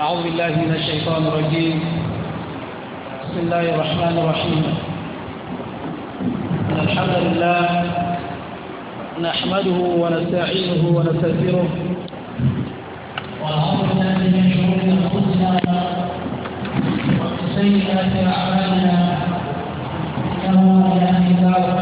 أعوذ بالله من الشيطان الرجيم بسم الله الرحمن الرحيم إن الحمد لله نحمده ونستعينه ونستغفره ونعوذ بالله من شرور أنفسنا وسيئات أعمالنا إنه لا يهدي الله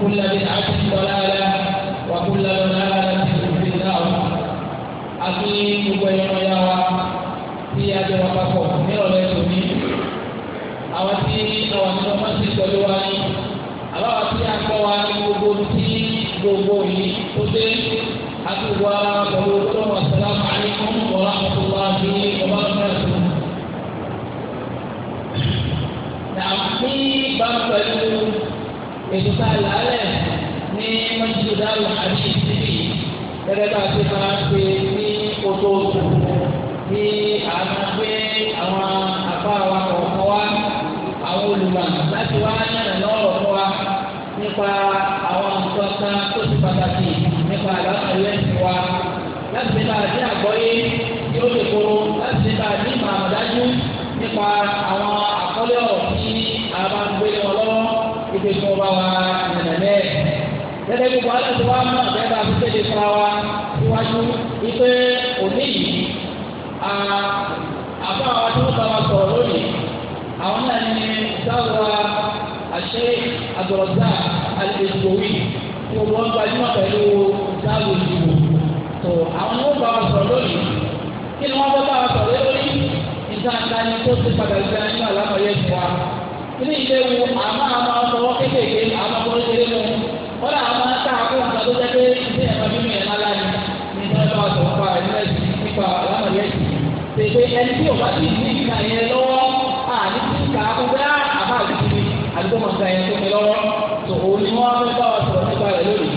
وكل بدعة ضلالة وكل ضلالة في النار أكيد ويوم يرى في هذا وقفه من ولدني àwọn tí àwọn tí wọn máa ti pẹ̀lú wa ni àbáwá tí a kọ́ wa ní gbogbo tí gbogbo yìí tó dé àti wà pẹ̀lú tó wà sọ́lá àní fún wàrà tó wà ní ọba náà tó. Nà ní bá pẹ̀lú èyí tá a là á lẹ̀ ní mọ́jú dáhùn àbí ìdíbì gẹ́gẹ́ bá a ti máa ṣe ní oṣooṣù ní àwọn pé àwọn àbá wa kọ̀ọ̀kan wa àwọn olùmọ̀ láti wá yànnà lọ́rọ̀ fún wa nípa àwọn nǹkan kan tó ti pàtàkì nípa àlàáfíà ẹ̀sìn wa láti nípa àti àgbọ́yé yóò lè koro láti nípa àti ìmọ̀ àmọ̀dájú nípa àwọn àkọ́lé ọ̀rọ̀ wa nana bẹ́ẹ̀ gẹ́gẹ́ bí wàá lọ́sọ̀ wá mọ̀ bẹ́ẹ̀ bá fi tẹ̀lé fúnra wa síwájú wípé òní yìí àbá wa tó ń bá wa sọ̀rọ̀ lónìí àwọn náà ní sáwà àṣẹ àgbọ̀rọ̀dá àlejòwì tí wọ́n wọ́n gbajúmọ̀ pẹ̀lú sáwà ìdìbò tó àwọn ó bá wa sọ̀rọ̀ lónìí kí ni wọ́n bá wa sọ̀rọ̀ lónìí ìta ta ni tó ti padà gbé nínú àlámọ̀ yẹn fún wa ilé ìléwu àmọ́ àwọn ọmọ kéékèèké àwọn ọmọ kékeré mu wọ́n náà máa ń ta àkókò nǹkan tó jẹ́ pé ilé ẹ̀fọ́ nínú ẹ̀ máa láyé ní ìjọba ìjọba tó ń pa ẹ̀mí ẹ̀sìn nípa àlámọ̀rí ẹ̀sìn. Tètè ẹni tí òbá ti ní ìgbà yẹn lọ́wọ́ àní ti kà á kúgbẹ́ àbá àdìsí àdìgbò mọ̀ọ́ta yẹn tó mi lọ́wọ́ tó òun ni wọ́n fẹ́ bá wa sọ̀rọ̀ nípa rẹ̀ lónìí.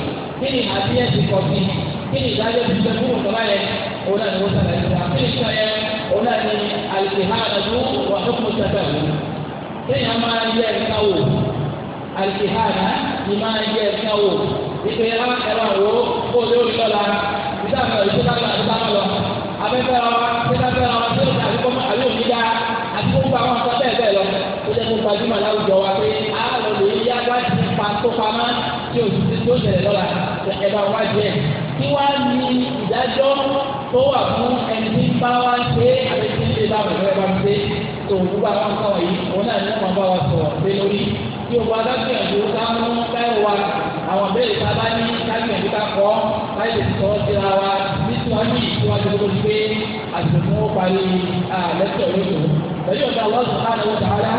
Kí ni kéèyàn máa yẹ ẹ̀ka wò àlìkìhànà ni máa yẹ ẹ̀ka wò ìpè ẹ̀rọ ẹ̀rọ wo kó o lórí lọ́la ìdá àmọ̀ ìṣẹ́ lágbà ìdá àmọ̀ lọ abẹ́fẹ́ ọ sẹ́dáfẹ́ ọ sẹ́dáfẹ́ àti kọ́mọ àbí òmìnira àti gbogbo àwọn ọ̀sán bẹ́ẹ̀ bẹ́ẹ̀ lọ ó jẹ́ kó gbajúmọ̀ láwùjọ wa pé àlọ́ lè yá wá ti pa tó pamọ́ tí o ti tó ṣẹlẹ̀ lọ́la ẹ̀ bá wá jẹ́ kí wá ní ìdájọ́ tó wà fún ẹni tí bá wá ṣe àti tí ń ṣe bá wà fún ẹ bá ń ṣe tó o bá wà kọ́ yìí òun náà ní wọn bá wa sọ̀rọ̀ lé lórí tí o bá dákìyànjú ká mú bẹ́ẹ̀ wa àwọn béèrè tá a bá ní dákìyànjú ká kọ́ láì lè sọ ọ́ síra wa nítorí ìwádìí tó ti gbé àtìmú parí lẹ́tọ̀ lóṣù pẹ̀lú ọ̀dà Allah subhanahu wa ta'ala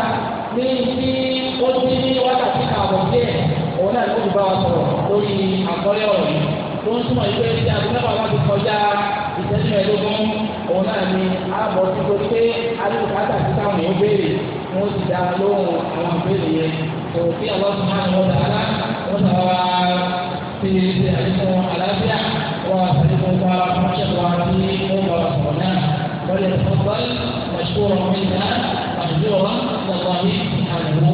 ní tí ó ti ní wákàtí kààbọ̀ díẹ̀ òun náà ní o tó ń túmọ̀ yí pé ní aago mẹ́fà wá ti kọjá ìṣẹ́jú mẹ́ẹ̀ẹ́dógún òun náà ni ààbọ̀ ti tó pé alùpùpù kátà sí táwọn èèyàn béèrè wọn ti dá lóhùn àwọn ìbéèrè yẹn tó kí àwọn tó máa ń wọ́n dáadáa wọ́n sọ wá ti ṣe àdínkù àlàáfíà wọ́n wá sàdínkù fún ara fún aṣẹ́kọ̀ọ́ ara tí wọ́n bá wà sọ̀rọ̀ náà lọ́dẹ̀ tó ń bọ́ mọ̀ṣúwọ̀n mi náà àdúgbò wa lọ́wọ́ mi àdúgbò.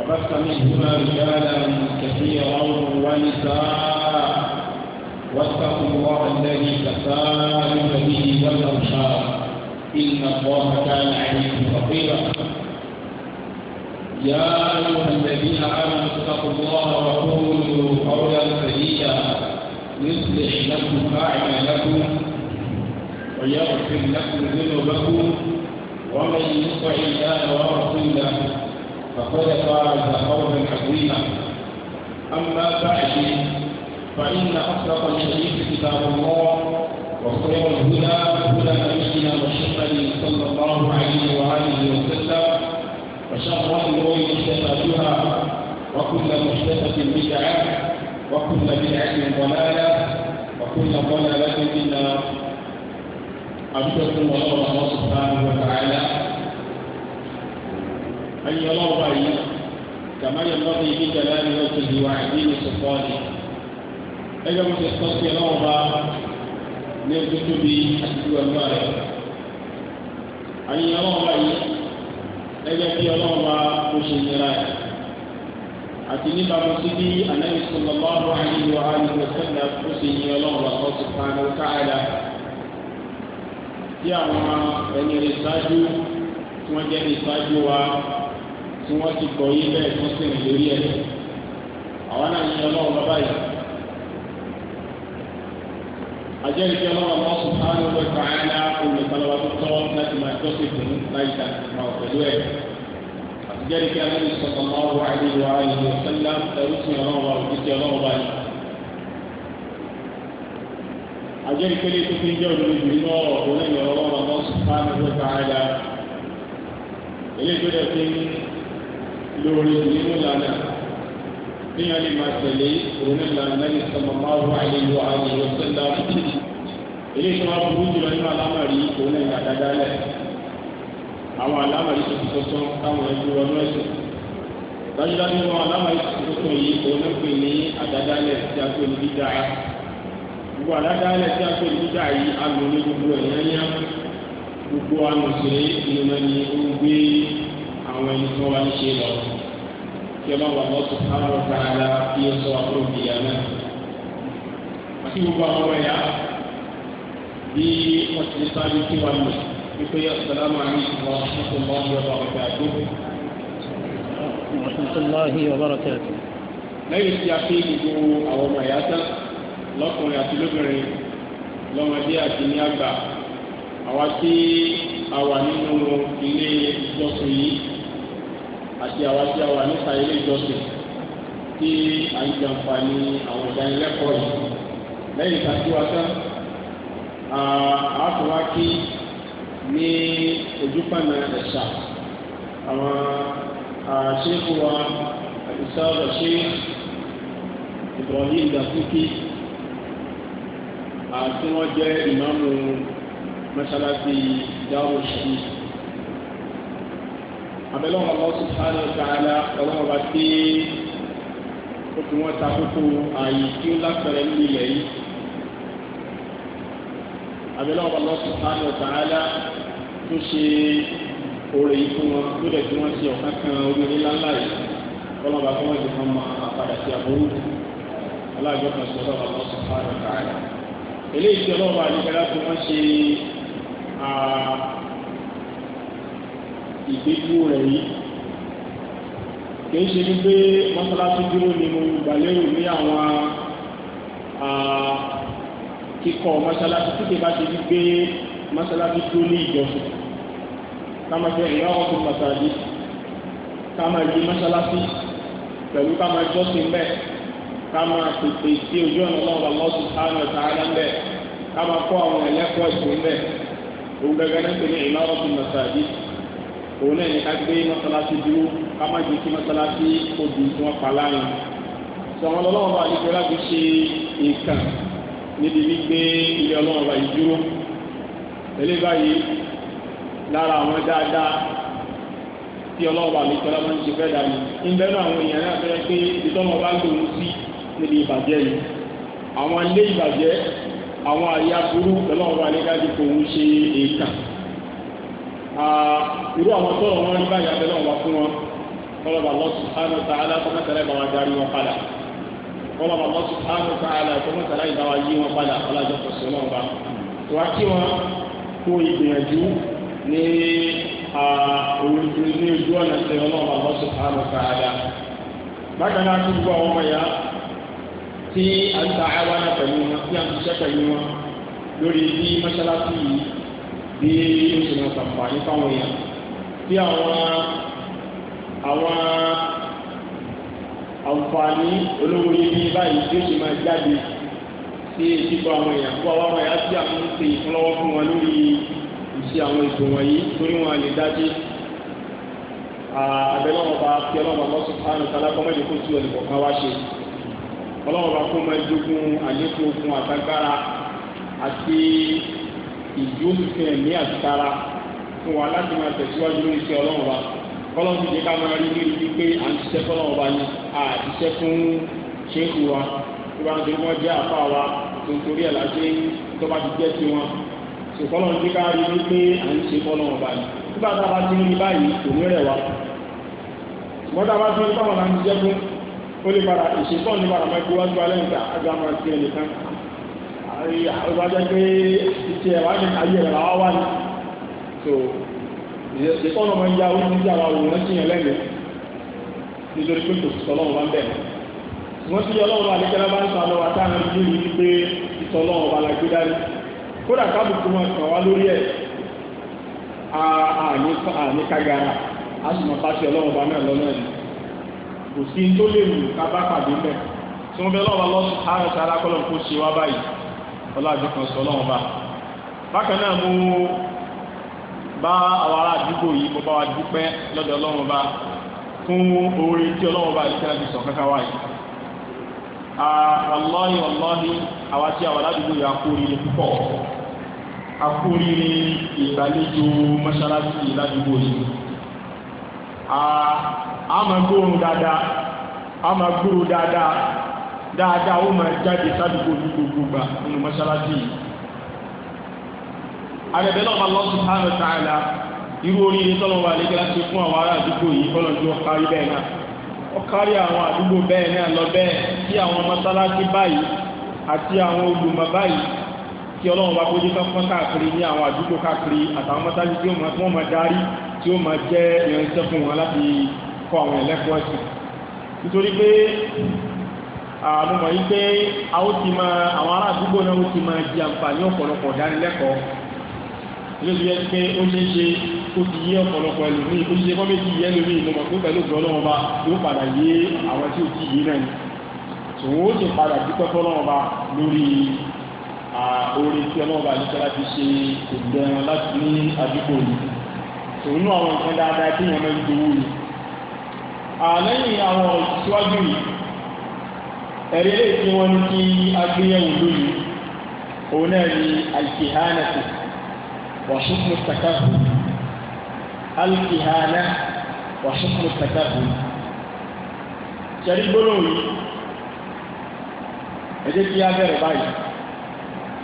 وبث منهما رجالا كثيرا ونساء واتقوا الله الذي تساءلون به والارحام ان الله كان عليكم فقيرا يا ايها الذين امنوا اتقوا الله وقولوا قولا سديدا يصلح لكم اعمالكم ويغفر لكم ذنوبكم ومن يطع الله ورسوله فقد فاز فوزا عظيما أما بعد فإن أصدق الحديث كتاب الله وخير الهدى هدى نبينا محمد صلى الله عليه وآله وسلم وشر الأمور محدثاتها وكل محدثة بدعة وكل بدعة ضلالة وكل ضلالة منا النار الله سبحانه وتعالى ẹ̀yìn ọlọ́run báyìí kàmáyọ̀ lọ́dún ibi jẹ̀lá ni wọ́n ti di wá ìdí ní sọ́kọ́ọ̀lì ẹgbẹ́ wọn ti sọ sí ọlọ́run bá ní ojú tóbi àti ìwà rẹ̀ ẹ̀yìn ọlọ́run báyìí ẹgbẹ́ bí ọlọ́run bá kó ṣe nira ẹ̀ àti níbàámu sí bí anabi sallallahu alaihi wa alihi wa sallam kó ṣe yin ọlọ́run bá kó subhanahu wa ta'ala tí àwọn ẹni rẹ̀ ṣáájú tí wọ́n jẹ́ ní ṣáájú wa tí wọ́n ti kọ̀ yí bẹ́ẹ̀ tó sì rìn lórí ẹ̀ àwọn náà yẹ ọlọ́run lọ báyìí. àjẹ́rìí tí ọlọ́run lọ sùn ká ló wẹ̀ fàáyà ní àkùnrin ìpalọ́wọ́ tó tọ́ láti máa tọ́ sí fún láì dá ìgbà pẹ̀lú ẹ̀. àtijọ́rìí tí alẹ́ sọ̀tọ̀ máa wà nínú ara ìlú sẹ́lá ẹrú sí ọlọ́run wa òkú sí ọlọ́run lórí nínú lànà níyàn lè máa tẹ̀lé òun lànà lẹ́yìn sallallahu alaihi wa alihi wa sallam èyí tó wá burú jùlọ nínú alámàrí òun lè gbà dáadáa àwọn alámàrí tó ti sọ́sọ́ táwọn ẹbí wọn náà sùn dájúdájú wọn alámàrí tó ti yìí òun pè ní tí a pè ní dídá gbogbo àdáadáa tí a pè ní dídá yìí alùpùpù gbogbo ẹ̀ gbogbo àwọn ẹni tí wọ́n bá ń ṣe lọ kí ọlọ́run àwọn ọ̀sùn àwọn ọ̀sán ara kí ó sọ àbúrò ìyá náà. àti gbogbo àwọn ẹ̀yà bí wọ́n ti ní sáré tí wọ́n lò wípé ọ̀sálàmù àríkùn wọn ṣùgbọ́n wọn yọ ọ̀rọ̀ àdúgbò. lẹ́yìn tí a fi gbogbo àwọn ọmọ ẹ̀yà tán lọ́kùnrin àti lóbìnrin lọ́mọdé àti ní àgbà àwa tí a wà nínú ilé ìjọsìn yìí àti àwa tí a wà nípa ilé ìjọsìn tí a ń jàǹfààní àwọn ìdánilẹ́kọ̀ọ́ yìí lẹ́yìn ìtàkùwà tán àtúwákí ní ojúpànà ẹ̀ṣà àwọn àṣẹ́kù wa àìsàrọ̀ ṣe Ibrahim Dakuki àti wọ́n jẹ́ ìmáàmù mọ́ṣáláṣí dáhùn ṣìṣì àbẹ̀lọ́wọ́ ọmọ sùpánù tààlà ọlọ́wọ́ bá dé ó fi wọ́n ta kókó ààyè tí ó lápẹ̀rẹ̀ ní ilẹ̀ yìí àbẹ̀lọ́wọ́ ọmọ sùpánù tààlà tó ṣe oore yìí fún wọn tó dẹ̀ tí wọ́n ṣe ọ̀kan kan omi ńláńlá yìí ọlọ́wọ́ bá fọwọ́ ìdí kan máa àpàdà sí àbúrú aláàjọ kan sọ ọlọ́wọ́ ọmọ sùpánù tààlà eléyìí tí ọlọ́wọ́ àdìgbẹ́lá fi wọ́n ṣe ìgbéjú rẹ̀ yìí kì í ṣe ní pé mọ́sálásí dúró ni mo gbàlérò ní àwọn kíkọ́ mọ́sálásí tí kì bá ṣe ní pé mọ́sálásí dúró ní ìjọsìn káma jẹ ìyá ọkùnrin mọ́sálásí káma yí mọ́sálásí pẹ̀lú káma jọ́sìn bẹ́ẹ̀ káma tètè sí ojú ọ̀nà lọ́wọ́ Allah subhanahu wa ta'ala bẹ́ẹ̀ káma kọ́ àwọn ẹlẹ́kọ̀ọ́ ìsìn bẹ́ẹ̀ òun gẹ́gẹ́ náà pé ní ìyá ọkùnrin mọ́sálásí òun náà ní ká gbé mọ́sálásí dúró ká má jẹ́ kí mọ́sálásí obì tí wọ́n pa láàrin sọ̀rọ̀ lọ́wọ́ bá àdìgbò láti ṣe nǹkan níbi gbígbé ilé ọlọ́wọ́ bá yìí dúró eléyìí báyìí lára àwọn dáadáa tí ọlọ́wọ́ bá àdìgbò láti ṣe fẹ́ dà mí ìbẹ́nu àwọn èèyàn náà fẹ́ pé ìtọ́mọ̀ bá lòun sí níbi ìbàjẹ́ yìí àwọn ilé ìbàjẹ́ àwọn àyà burú lọ́wọ́ irú àwọn tọ́rọ̀ wọn rí báyìí abẹ́lẹ́ wọn fún wọn kọ́lọ́bà Allah subhanahu wa ta'ala kọ́mọ́tàlá ìbáwá darí wọn padà kọ́lọ́bà Allah subhanahu wa ta'ala kọ́mọ́tàlá ìbáwá yí wọn padà ọlọ́jọ́ kò sí wọn wá ti àwọn a wọn tí a bí yóò ṣe máa ṣàǹfààní fáwọn èèyàn bí àwọn àwọn àǹfààní olówó yẹbi báyìí yóò ṣe máa jáde sí ìdíbò àwọn èèyàn fún àwọn ọmọ ìyá tí a ń ṣe ìfúnlọ́wọ́ fún wọn lórí ìṣe àwọn ètò wọ̀nyí torí wọn lè dájú àbẹ̀lọ́wọ́ bá fi ọlọ́wọ́ bá sùpánù kálákọ́mọ́dé kó tí olùkọ́ kan wá ṣe ọlọ́wọ́ bá kó máa jogún àlékún ogun àtagbára àti ìjókòó ẹ̀mí àtara fún wa láti máa tẹ̀síwájú lórí iṣẹ́ ọlọ́run wa kọ́lọ́n ti jẹ́ ká máa rí lórí wípé à ń ṣiṣẹ́ fọ́lọ́run wa ni à ṣiṣẹ́ fún ṣéèkù wa tó bá ń torí wọ́n jẹ́ àfa wa tó ń torí ẹ̀ láṣẹ tó bá ti jẹ́ sí wọn ṣùkọ́lọ́n ti ká rí wípé à ń ṣe fọ́lọ́run wa ni nígbà tá a bá ti ń rí báyìí kò ní rẹ̀ wa mọ́tà bá ti ń tọ́wọ̀n láti jẹ́ fún ó lè padà ìṣètọ́ ní padà máa gbé wájú alẹ́ nǹkan àgbà ìwájọ́ pé ìṣe ẹ̀wà ní ayé ẹ̀rọ àwọn wà ní so ìṣẹ́kọ́nà máa ń ya orí ní àwọn òwúrọ̀ sí yẹn lẹ́nu nítorí pé kò sọ lọ́wọ́ bá ń bẹ̀rẹ̀ wọ́n ti ọlọ́run àdékẹ́lá bá ń sọ àlọ́ àtàrà ní ìlú ní pé ìtọ́ ọlọ́run ọba làgbé dání kódà kábùkù máa kàn wá lórí ẹ̀ àní kágara a sì máa bá ti ọlọ́run ọba náà lọ́nà ẹ̀ kò sí tó lè wù ká bá pàdé mẹ́ tí wọ́n bẹ lọ́wọ́ lọ́sùn àrùn sára kọ́lọ̀ kó ṣe wá báyìí ọlọ́àjọ kan sọ ọlọ́run bá bákan náà mo bá àwọn ará àdúgbò yìí mo bá wa dúpẹ́ lọ́dọ̀ ọlọ́run bá fún oore tí ọlọ́run bá àdúgbò láti sọ kankan wáyé wàlọ́ọ̀hì wàlọ́ọ̀hì àwa tí àwọn aládùúgbò yìí a máa gbóòrùn dáadáa a dáadáa ó máa jáde sádùúgbò ní gbogbo gbà nínú mọ́ṣáláṣí yìí. àgbẹ̀bẹ̀ náà máa lọ sí sáàrọ̀ sáàlà irú oríire tọ́lọ́ wà lẹ́gbẹ̀ẹ́ láti fún àwọn ará àdúgbò yìí kọ́lọ́ ju ọkárí bẹ́ẹ̀ náà ọkárí àwọn àdúgbò bẹ́ẹ̀ náà lọ bẹ́ẹ̀ tí àwọn mọ́ṣáláṣí báyìí àti àwọn olùmọ̀ báyìí tí ọlọ́run bá kójú tán káàkiri ní àwọn àdúgbò káàkiri àtàwọn mọ́ṣáláṣí tí wọ́n máa darí tí ó máa jẹ́ ìrìnsẹ́ fún wọn láti kọ́ àwọn ẹlẹ́kọ̀ọ́ ẹ̀sìn nítorí pé Ah, mo mọ̀ yí pé àwọn ti máa àwọn ará àdúgbò náà ti máa di àǹfààní ọ̀pọ̀lọpọ̀ dánilẹ́kọ̀ọ́ lórí yẹ pé ó ṣe é ṣe kó ti yé ọ̀pọ̀lọpọ̀ ẹlòmíì ó ṣe é kọ́ méjì yé ẹlòmíì mo mọ̀ pé pẹ̀lú ògbọ́n lọ́wọ́ bá yóò padà yé àwọn tí ó ti yé náà ni tòun ó sì padà dúpẹ́ fọlọ́wọ́ bá lórí oore tí ọlọ́wọ́ bá ní sọ́lá ti ṣe ìgbẹ́ran láti ní àdúgbò yìí tòun náà àwọn nǹkan dáadáa tí èèyàn máa ń gbowó yìí. àlẹ́yìn àwọn ìṣíwájú yìí ẹ̀rí lè tí wọ́n ní kí agbéyẹ̀wò lóyún òun náà ni alkihanatu wa hukmu takafu alkihana wa hukmu takafu ṣẹ̀rí gbólóhùn yìí ẹ jẹ́ kí a bẹ̀rẹ̀ báyìí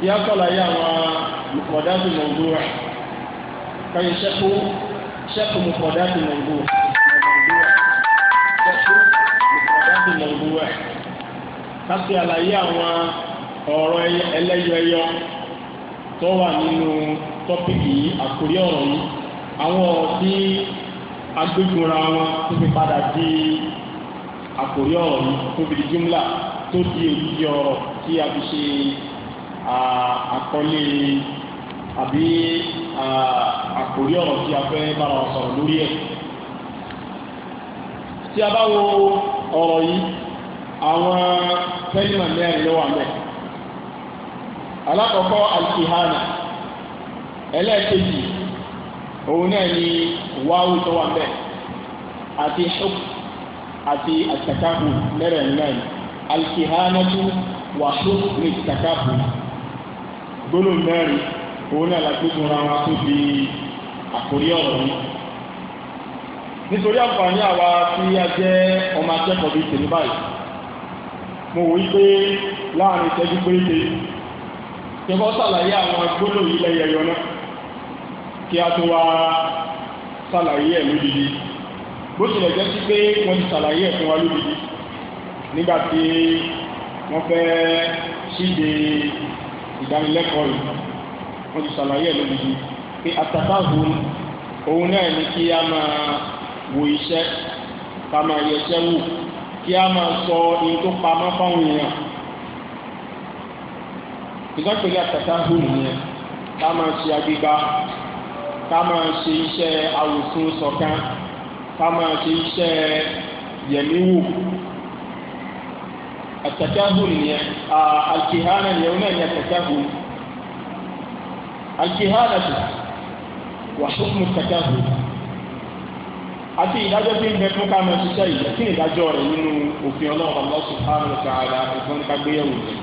kí a ṣàlàyé àwọn mùkọ̀dátì mọ̀gbó rẹ̀ káyọ̀ ṣẹ́kù ṣẹ́kù mùkọ̀dátì mọ̀gbó rẹ̀ ṣẹ́kù mùkọ̀dátì mọ̀gbó rẹ̀ kásì àlàyé àwọn ọ̀rọ̀ ẹlẹ́yọẹyọ tó wà nínú tọ́pìkì yìí àkórí ọ̀rọ̀ yìí àwọn ọ̀rọ̀ agbégunra wọn tó fi padà di àkórí ọ̀rọ̀ yìí tó fi di jumla tó di òdìdí ọ̀rọ̀ tí a fi ṣe àkọlé àbí àkórí ọ̀rọ̀ tí a fẹ́ bára wa sọ̀rọ̀ lórí ẹ̀ tí a bá wo ọ̀rọ̀ yìí àwọn kẹ́lìmà mẹ́rin ló wà mẹ́ alákọ̀ọ́kọ́ alkihana ẹlẹ́ẹ̀kejì òun náà ni wáwù tó wà mẹ́ àti ṣùk àti àtàkàkù mẹ́rin náà alkihana tó wà ṣùk ní àtàkàkù gbólóhùn mẹ́rin òun náà la gbógun ra wọn tó di àkórí ọ̀rọ̀ yìí nítorí àǹfààní àwa tí a jẹ́ ọmọ akẹ́kọ̀ọ́ bíi tèmi báyìí mo wò wípé láàrin ìṣẹ́jú péréte tí wọ́n ṣàlàyé àwọn gbólò yìí lẹ́yẹ yọ náà kí a tó wá ṣàlàyé ẹ̀ lódìdí bó tilẹ̀ jẹ́ sí pé wọ́n ti ṣàlàyé ẹ̀ fún wa lódìdí nígbà tí wọ́n fẹ́ ṣíde ìdánilẹ́kọ̀ọ́ yìí wọ́n ti ṣàlàyé ẹ̀ lódìdí pé àtàkàwò òun náà ni kí a máa wo iṣẹ́ ká máa yẹ iṣẹ́ wò kí a máa sọ iye tó pamọ́ fáwọn èèyàn ìgbàgbẹ́lẹ̀ àtàtà hùn nìyẹn ká máa ṣe agbègbà ká máa ṣe iṣẹ́ awòsùn sọ̀kan ká máa ṣe iṣẹ́ yẹ̀míwò àtàtà hùn nìyẹn àkìhánà yẹ̀wò náà ní àtàtà hùn àkìhánà tó wà fún àtàtà hùn àti ìdájọ́ tí ń bẹ fún káàmù ṣiṣẹ́ yìí kí ni ìdájọ́ rẹ̀ nínú òfin ọlọ́run Allah subhanahu wa ta'ala ẹ̀fọn ká gbéyàwó rẹ̀.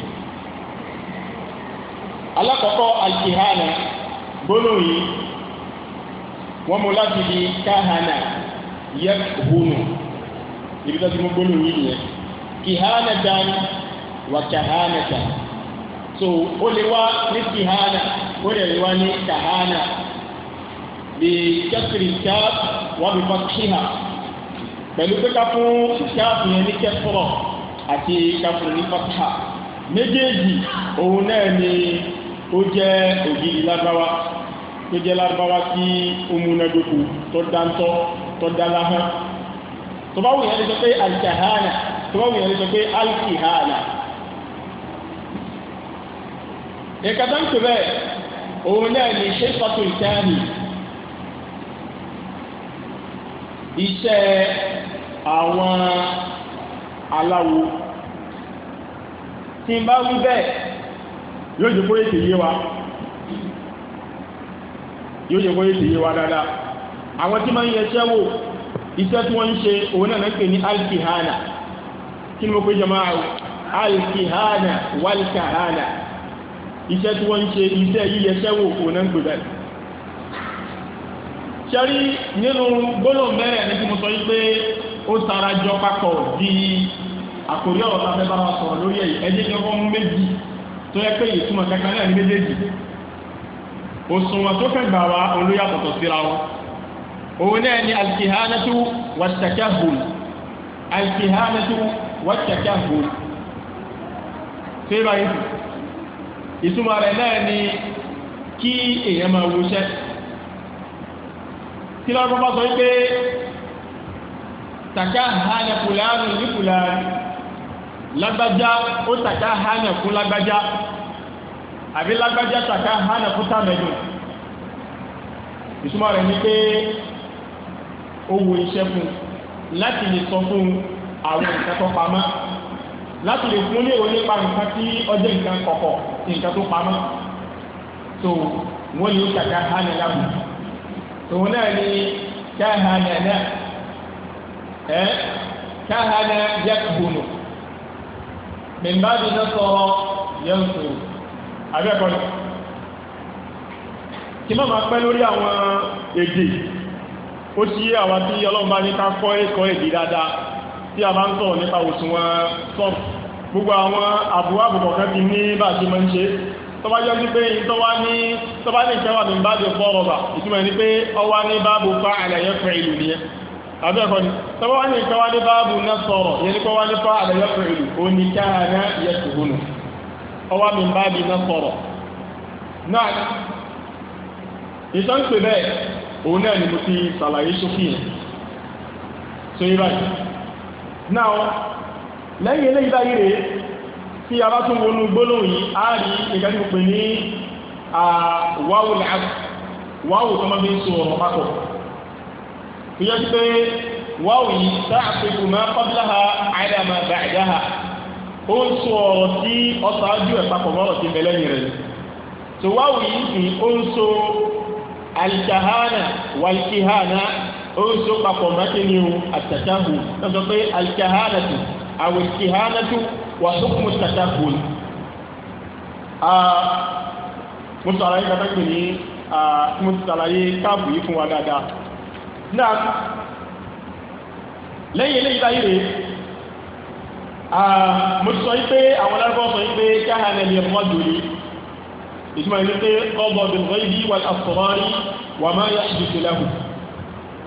alákọ̀ọ́kọ́ alkihana gbólóhùn yìí wọ́n mú láti di káhana yakhunu ibi tó ti mú gbólóhùn yìí nìyẹn kihana dan wà kahana dan so ó lè wá ní kihana ó lè wá ní kahana bí kẹ́kìrì ṣáàp wọ́n fi fọ́n kíhà pẹ̀lú pé ká fún ṣáàpù yẹn ní kẹ́kọ̀rọ̀ àti ká fún ní fọ́tà méjèèjì òun náà ni ó jẹ́ ògidì lárúbáwá tó jẹ́ lárúbáwá tí ó múnádóko tó dáńtọ́ tó dáláhán tó bá wù yẹn lè sọ pé alikahana tó bá wù yẹn lè sọ pé alikihana ìkàtà ń pè bẹ́ẹ̀ òun náà ni ṣé fọ́tò ìtẹ́ẹ̀nì iṣẹ́ àwọn aláwo tí n bá wí bẹ́ẹ̀ yóò jẹ́ kóyè tèyé wa yóò jẹ́ kóyè tèyé wa dáadáa àwọn tí máa ń yẹsẹ́ wò iṣẹ́ tí wọ́n ń ṣe òun náà ń pè ní alkihana kí ni mo pè jọmọ́ àwọn alkihana walkahana iṣẹ́ tí wọ́n ń ṣe iṣẹ́ yíyẹsẹ́ wò òun náà ń pè bẹ́ẹ̀ sẹ́rí nínú gbólóhùn mẹ́rẹ̀ ní kí mo sọ yí pé ó tara jọ papọ̀ di àkórí ọ̀rọ̀ tá a fẹ́ bá wa sọ̀rọ̀ lórí ẹ̀yìn ẹ̀jẹ̀ kí wọ́n mú méjì tó yẹ pé ìtumọ̀ kankan náà ní méjèèjì òṣùwọ̀n tó fẹ́ gbà wá olóyà tọ̀tọ̀ síra wọn òun náà ni alkihanatu watakahul alkihanatu watakahul tó yẹ báyìí ìtumọ̀ rẹ̀ náà ni kí èèyàn máa wuṣẹ́ tí lọ́wọ́ bá sọ wípé tàkà hànà fúlàní ní fúlàní lágbájá ó tàkà hànà fún lágbájá àbí lágbájá tàkà hànà fún tàmẹ́dù ìtumọ̀ rẹ̀ ni pé owó iṣẹ́ fún láti lè sọ fún àwọn nǹkan tó pamọ́ láti lè fún ní òun nípa nǹkan tí ọjọ́ nǹkan kọ̀kọ̀ nǹkan tó pamọ́ tó wọ́n lè tàkà hànà láwùjọ. tòun náà ni káhánà náà ẹ káhánà yẹkùnù mìmbàbí náà sọ̀rọ̀ yẹn sòrò abẹ́kọ̀ọ́ ni kí má máa pẹ́ lórí àwọn èdè ó sí awa tí ọlọ́run ní ká kọ́ ẹ̀kọ́ èdè dáadáa tí a bá ń sọ̀rọ̀ nípa òṣùwọ̀n gbogbo àwọn àbúwá àbùkọ̀ọ̀kan ti ní bá tọ́ba jẹ́ wípé tọ́ba ní tọ́ba ní ìjọba mi bá di fọ́rọ̀bà ìtumọ̀ ní pé ọwá ní báàbù fa àlàyé fẹ́ ìlú ni ẹ́ àbẹ́ ẹ̀kọ́ ni tọ́ba wá ní ìjọba ní báàbù náà sọ̀rọ̀ yẹn ní pé wá ní fa àlàyé fẹ́ ìlú yẹ ọ sọ̀rọ̀ náà pè bẹ́ẹ̀ tí a bá tún wọnú gbólóhùn yìí a rí nǹkan tó pè ní wáwù làásù wáwù tó máa fi ń so ọ̀rọ̀ papọ̀ tó yẹ pé wáwù yìí sáàpẹ̀kù máa qablaha ala ma ba'daha ó ń so ọ̀rọ̀ tí ọ̀sáájú ẹ̀ papọ̀ mọ́rọ̀ ti bẹ̀lẹ́ yìí rẹ̀ tó wáwù yìí sì ó ń so alikahana walikihana ó ń so papọ̀ mọ́kínni o àtàkàhù lọ́sọ̀ pé alikahana tó àwòkihana tó wà sókùn mo ṣàṣà kùn mo ṣàlàyé kata pè ní mo ṣàlàyé káàbù yìí fún wa dáadáa náà lẹ́yìn eléyìí láyé rèé mo sọ yí pé àwọn lárúbọ sọ yí pé káhánà lè mọ dòlè ìtumọ̀ yìí pé ọgbọ̀n bìbọ̀ yìí bí wàlá sọ̀rọ̀rí wà máa yá ìdíje lẹ́hùn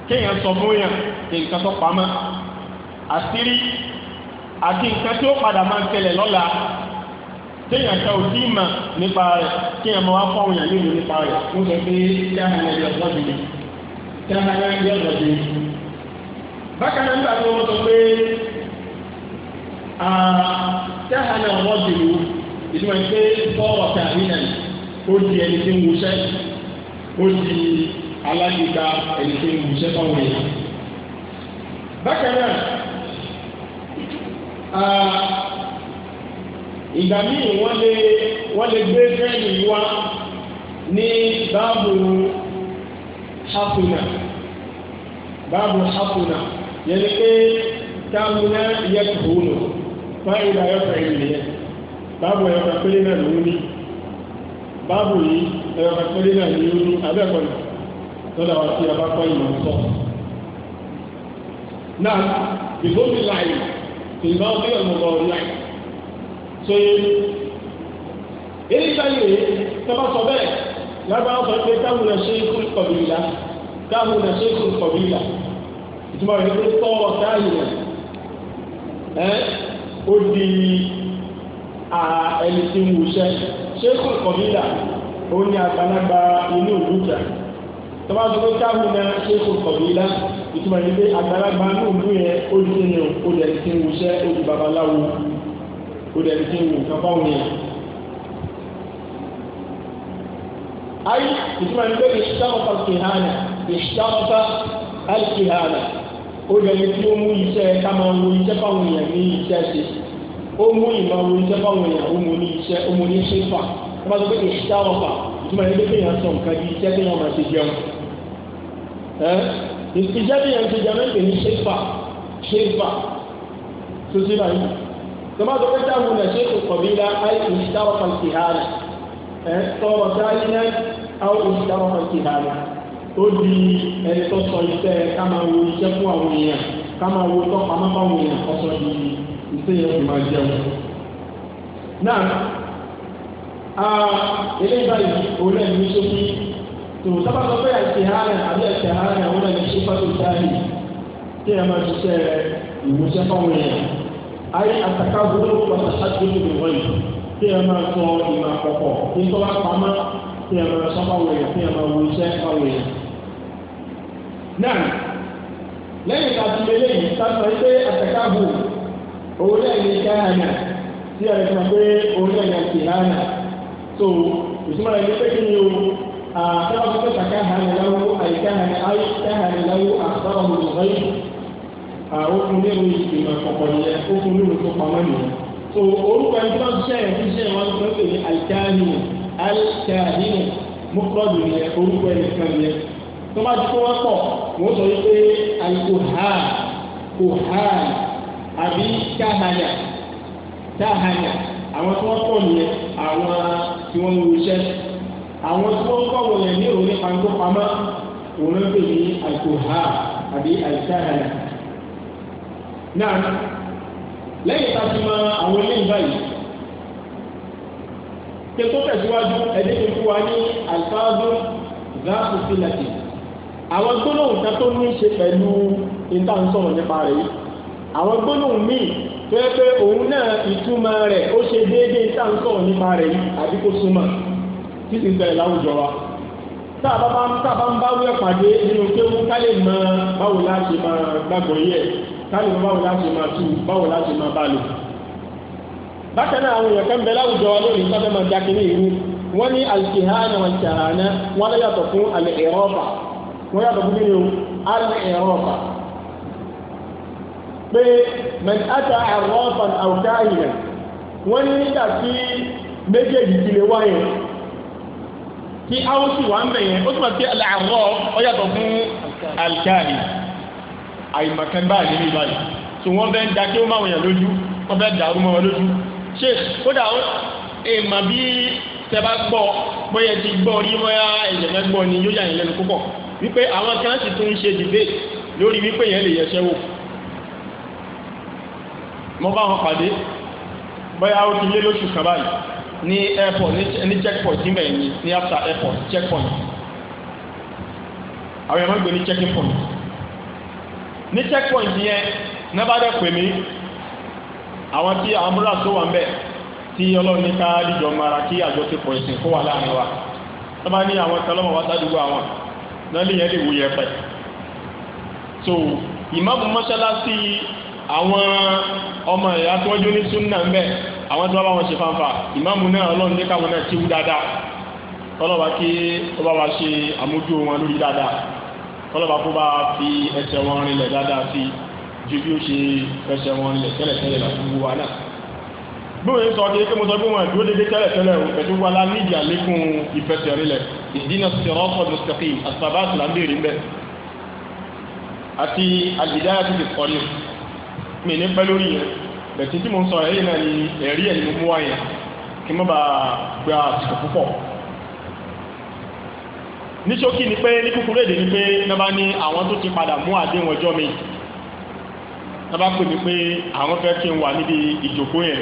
kéèyàn sọ fún yàn kí nǹkan tó pamọ́ àṣírí àti nǹkan tí ó padà máa ń tẹlẹ̀ lọ́la téèyàn kan ò tí ì mà nípa rẹ̀ kéèyàn máa wá fọ́ọ̀mù yàn lónìí nípa rẹ̀ ń sọ pé kíáhàn ẹ̀yọ̀ ọ̀dọ́dún ni kíáhàn ẹ̀yọ̀ ọ̀dọ́dún ni. bákan náà nígbà tí wọ́n sọ pé kíáhàn ẹ̀yọ̀ ọ̀dọ́dún ni ìlú ẹ̀ pé fọ́ọ̀rọ̀ tàbí náà ó di ẹni tí ń wuṣẹ́ ó di alágbèéká ẹni tí ń wuṣẹ́ fáwọn èèyàn. bákan náà Ah, ìgbà míì wọ́n lè wọ́n lè gbé fẹ́ẹ̀lì wá ní báàbù hafuna báàbù hafuna yẹni pé táwùnà yẹ kùhùnù fáìlì ayọ́fẹ́ ìlú yẹn báàbù ayọ́fẹ́ pélé náà ló ní báàbù yìí ayọ́fẹ́ pélé náà ló ní abẹ́kọ̀ọ́ lọ́dọ̀ wá sí abákọ́ ìmọ̀ sọ. náà ìgbà wọn kílọ̀ mọ̀ bọ̀ọ̀ náà so èyí sáyé tọ́ba sọ bẹ́ẹ̀ lábàá sọ pé táwọn náà ṣe kú kọ̀bìlà táwọn náà ṣe kú kọ̀bìlà ìtumọ̀ rẹ̀ pé tọ́ ọ̀tá yìí ẹ̀ ó di ẹni tí ń wuṣẹ́ ṣe kú kọ̀bìlà ó ní àgbàlagbà inú ìlú tọ́ba sọ pé káàmù náà ṣe kò kọ̀wé lá ìtumọ̀ yìí pé àgbàlagbà ní òlú yẹn ó lè ṣe o ó dẹ̀ ti ń wuṣẹ́ ó di babaláwo ó dẹ̀ ti ń wù kápá òun yẹn. ayi ìtumọ̀ yìí pé ìṣàkóso kìhánà ìṣàkóso alìkìhánà ó dẹ̀ ti ó mú iṣẹ́ ká wo iṣẹ́ fáwọn èèyàn ní iṣẹ́ ṣe ó mú ìmọ̀ wo iṣẹ́ fáwọn èèyàn ó mú ní iṣẹ́ ó mú ní ṣe fà tọ́ba sọ pé ìṣàkóso ìtumọ̀ yìí pé kéèyàn ìtìjáde yẹn ti jẹ́ mẹ́tẹ̀ ní ṣéfà ṣéfà tó ti bá yìí tọ́ba tó kẹ́kẹ́ àwọn ọ̀nà ṣéfù kọ̀bílá ayé ìṣitáwọ̀ kan ti hà rẹ̀ ẹ̀ tọ́wọ́ sáyé náà àwọn ìṣitáwọ̀ kan ti hà rẹ̀ ó di ẹni tó sọ iṣẹ́ ká máa wo iṣẹ́ fún àwọn èèyàn ká máa wo tọ́ pamọ́ fáwọn èèyàn ọ̀sọ̀ di iṣẹ́ yẹn fi máa jẹun. náà eléyìí báyìí òun náà ní tó sábà sọ pé àìsèhánà àbí àìsèhánà òun náà ní ṣe fọ́tò sáàlì tí a máa ṣiṣẹ́ ìwòsàn fáwọn èèyàn ayé àtàkà gbogbo pàtàkì àti gbogbo ìwọ̀nyí tí a máa sọ ìmọ̀ àkọ́kọ́ tí tó bá pamọ́ tí a máa sọ fáwọn èèyàn tí a máa wo iṣẹ́ fáwọn èèyàn. náà lẹ́yìn ìgbà tí eléyìí sábà pé àtàkà bù òun náà ní káyàna tí a lè sọ pé òun náà ní àìsèhánà tó ìsúmọ̀ ẹni pé kí ni كما تكهن له أي كهن أي كهن له أخبره الغيب okun lérò ìgbìmọ̀ kọ̀kọ̀rọ̀ yẹn okun lérò tó pamọ́ nìyẹn so orúkọ ẹni tó ń ṣe ẹ̀ ti ṣe wọn tó ń pè ní alikahinu alikahinu mọ́kúrọ́dù yẹn orúkọ ẹni kan yẹn tó bá ti kó wọn pọ̀ wọ́n sọ wípé alikohan kohan àbí kahana kahana àwọn tó wọ́n pọ̀ nìyẹn àwọn tí wọ́n ń wo iṣẹ́ àwọn tí wọ́n kọ́wọ́ yẹn ní òun nípa tó pamọ́ òun ń pè ní àìkòhá àbí àìsáyàlà. náà lẹ́yìn tá a ti mọ àwọn eléyìí báyìí kí tó tẹ̀síwájú ẹ̀dẹ́ tó fún wa ní àlùfáàdó gáàsì sílẹ̀tì àwọn gbólóhùn kan tó ní í ṣe pẹ̀lú ìta ń sọ̀rọ̀ nípa rẹ̀ yìí àwọn gbólóhùn míì tó yẹ pé òun náà ìtumọ̀ rẹ̀ ó ṣe déédéé ìta ń sọ̀rọ̀ nípa rẹ̀ yìí àbí kó súnmọ́ tí ti ń bẹ̀rẹ̀ láwùjọ wa táàbá bá ń táàbá ń bá wíwẹ̀ pàdé nínú kéwú ká lè mọ báwo la ṣe máa gbàgbọ́ yẹ ká lè mọ báwo la ṣe máa tú báwo la ṣe máa bá lò. bákan náà àwọn èèyàn kan bẹ láwùjọ wa lónìí tó fẹ́ máa da kínní ìlú wọ́n ní alìkìhánà wọn kìhánà wọ́n lè yàtọ̀ fún alẹ́ ẹ̀rọ́ọ̀fà wọ́n yàtọ̀ fún nínú alẹ́ ẹ̀rọ́ọ̀fà pé mẹ́ni ata ẹ̀rọ́ọ̀fà àwùjá ìlẹ̀ wọ́n ní nígbà tí méjèèjì ti lè wáyé tí áwùsù wà ń bẹ̀ yẹn ó túmọ̀ sí àlọ́ ọ yàtọ̀ fún àlìkáàlì àìmọ̀kan báyìí nínú ìbáyìí tí wọ́n bẹ́ ń da kí ó máa wọ̀nyàn lójú wọ́n bẹ́ dàrú mọ́ wọn lójú ṣe kódà èèmà bí tẹ bá gbọ́ bóyá ti gbọ́ rí bóyá ẹ̀yẹ̀ fẹ́ gbọ́ ni yóò yà yín lẹ́nu púpọ̀ wípé àwọn kan sì tún ṣe debate lórí wípé yẹn lè yẹsẹ́ wò mo bá wọn pàdé bóyá ó ti lé lóṣù kan báyìí ní airport ní checkpoint níbẹ̀ yìí ní after airport checkpoint àwọn èèyàn máa ń gbé ní checking point ní checkpoint yẹn náà bá dẹ̀ pè mí àwọn tí àwọn búrọ́dà tó wà ń bẹ̀ tí ọlọ́run ní ká dìjọ mara kí àjọṣepọ̀ ẹ̀sìn kó wà láàrin wa tó bá ní àwọn tẹlọmọ wá sádùúgbò àwọn náà lè yẹn lè wuyẹ pẹ̀ so ìmáàmù mọ́ṣáláṣí àwọn ọmọ ìyá tí wọ́n jó ní súnà ń bẹ̀ àwọn tí wọ́n bá wọn ṣe fanfa ìmáàmù náà ọlọ́run dé káwọn náà tíwú dáadáa ọlọ́ba kí ó bá wa ṣe àmójú wọn lórí dáadáa ọlọ́ba kó bá fi ẹsẹ̀ wọn rinlẹ̀ dáadáa sí ju bí ó ṣe fẹsẹ̀ wọn rinlẹ̀ tẹ́lẹ̀tẹ́lẹ̀ láti wúwa náà gbóhùn sọ pé kí mo sọ pé wọn dúró dédé tẹ́lẹ̀tẹ́lẹ̀ o pẹ̀lú wa la nídìí àlékún ìfẹsẹ̀ rinlẹ̀ ìdínà bẹ̀tí tí mo ń sọ ẹ̀yìn náà ni ẹ̀rí ẹ̀ ni mo mú wáyé kí mọ́ bá gba àsìkò púpọ̀ ní ṣókí ni pé ní kúkúrú èdè ni pé nọba ní àwọn tó ti padà mú àdéhùn ọjọ́ mi nọba pè mí pé àwọn fẹ́ kí n wà níbi ìjòkó yẹn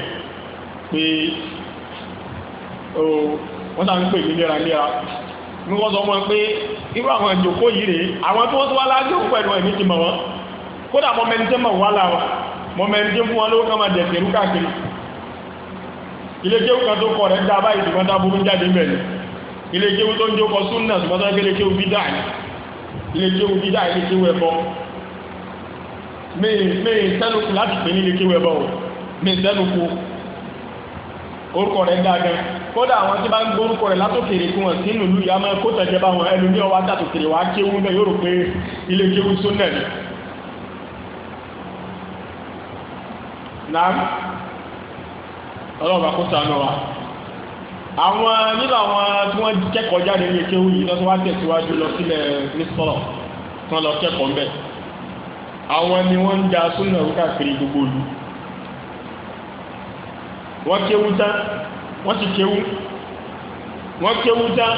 pé oh, wọ́n sáré pè mí léra léra ní wọ́n sọ wọn pé irú àwọn ìjòkó yìí rèé àwọn tó wọ́n tó wá lájú pẹ̀lú ẹ̀mí ti mọ̀ wọ́n kódà mọ́ mẹ́ni tẹ́ mọ̀ wá lára mọ́ mẹ́rin jẹ́ fún wọn lówó kama jẹ̀ kẹrù káàkiri ilé kéwù kan tó kọ̀ rẹ̀ dá báyìí ṣùgbọ́n tá burú jáde mẹ́rin ilé kéwù tó ń jókọ súnà ṣùgbọ́n tó ń gbé ilé kéwù bídà ilé kéwù bídà ilé kéwù ẹ̀bọ mẹ́rin sẹ́nukú láti pè ní ilé kéwù ẹ̀bọ mẹ́rin sẹ́nukú orúkọ rẹ̀ dáadáa kódà àwọn tí bá ń gbórúkọ rẹ̀ látòkèrè kí wọ́n sínú ìlú ìyá máa kó tẹ̀jẹ̀ bá wọn ẹlòmíọ́ wá tàtòkèrè wá kéwù bẹ́ẹ̀ yóò rò pé ilé kéwù súnà ni náà ọlọ́run bá kó sànù wa àwọn nínú àwọn tí wọ́n kẹ́kọ̀ọ́ jáde ní èké wúyí lọ́sọ́ wá tẹ̀síwájú lọ sílẹ̀ ní sọ́lọ̀ tí wọ́n lọ kẹ́kọ̀ọ́ ń bẹ̀ àwọn ni wọ́n ń da súnà káàkiri gbogbo olú wọ́n kéwú tán wọ́n ti kéwú wọ́n kéwú tán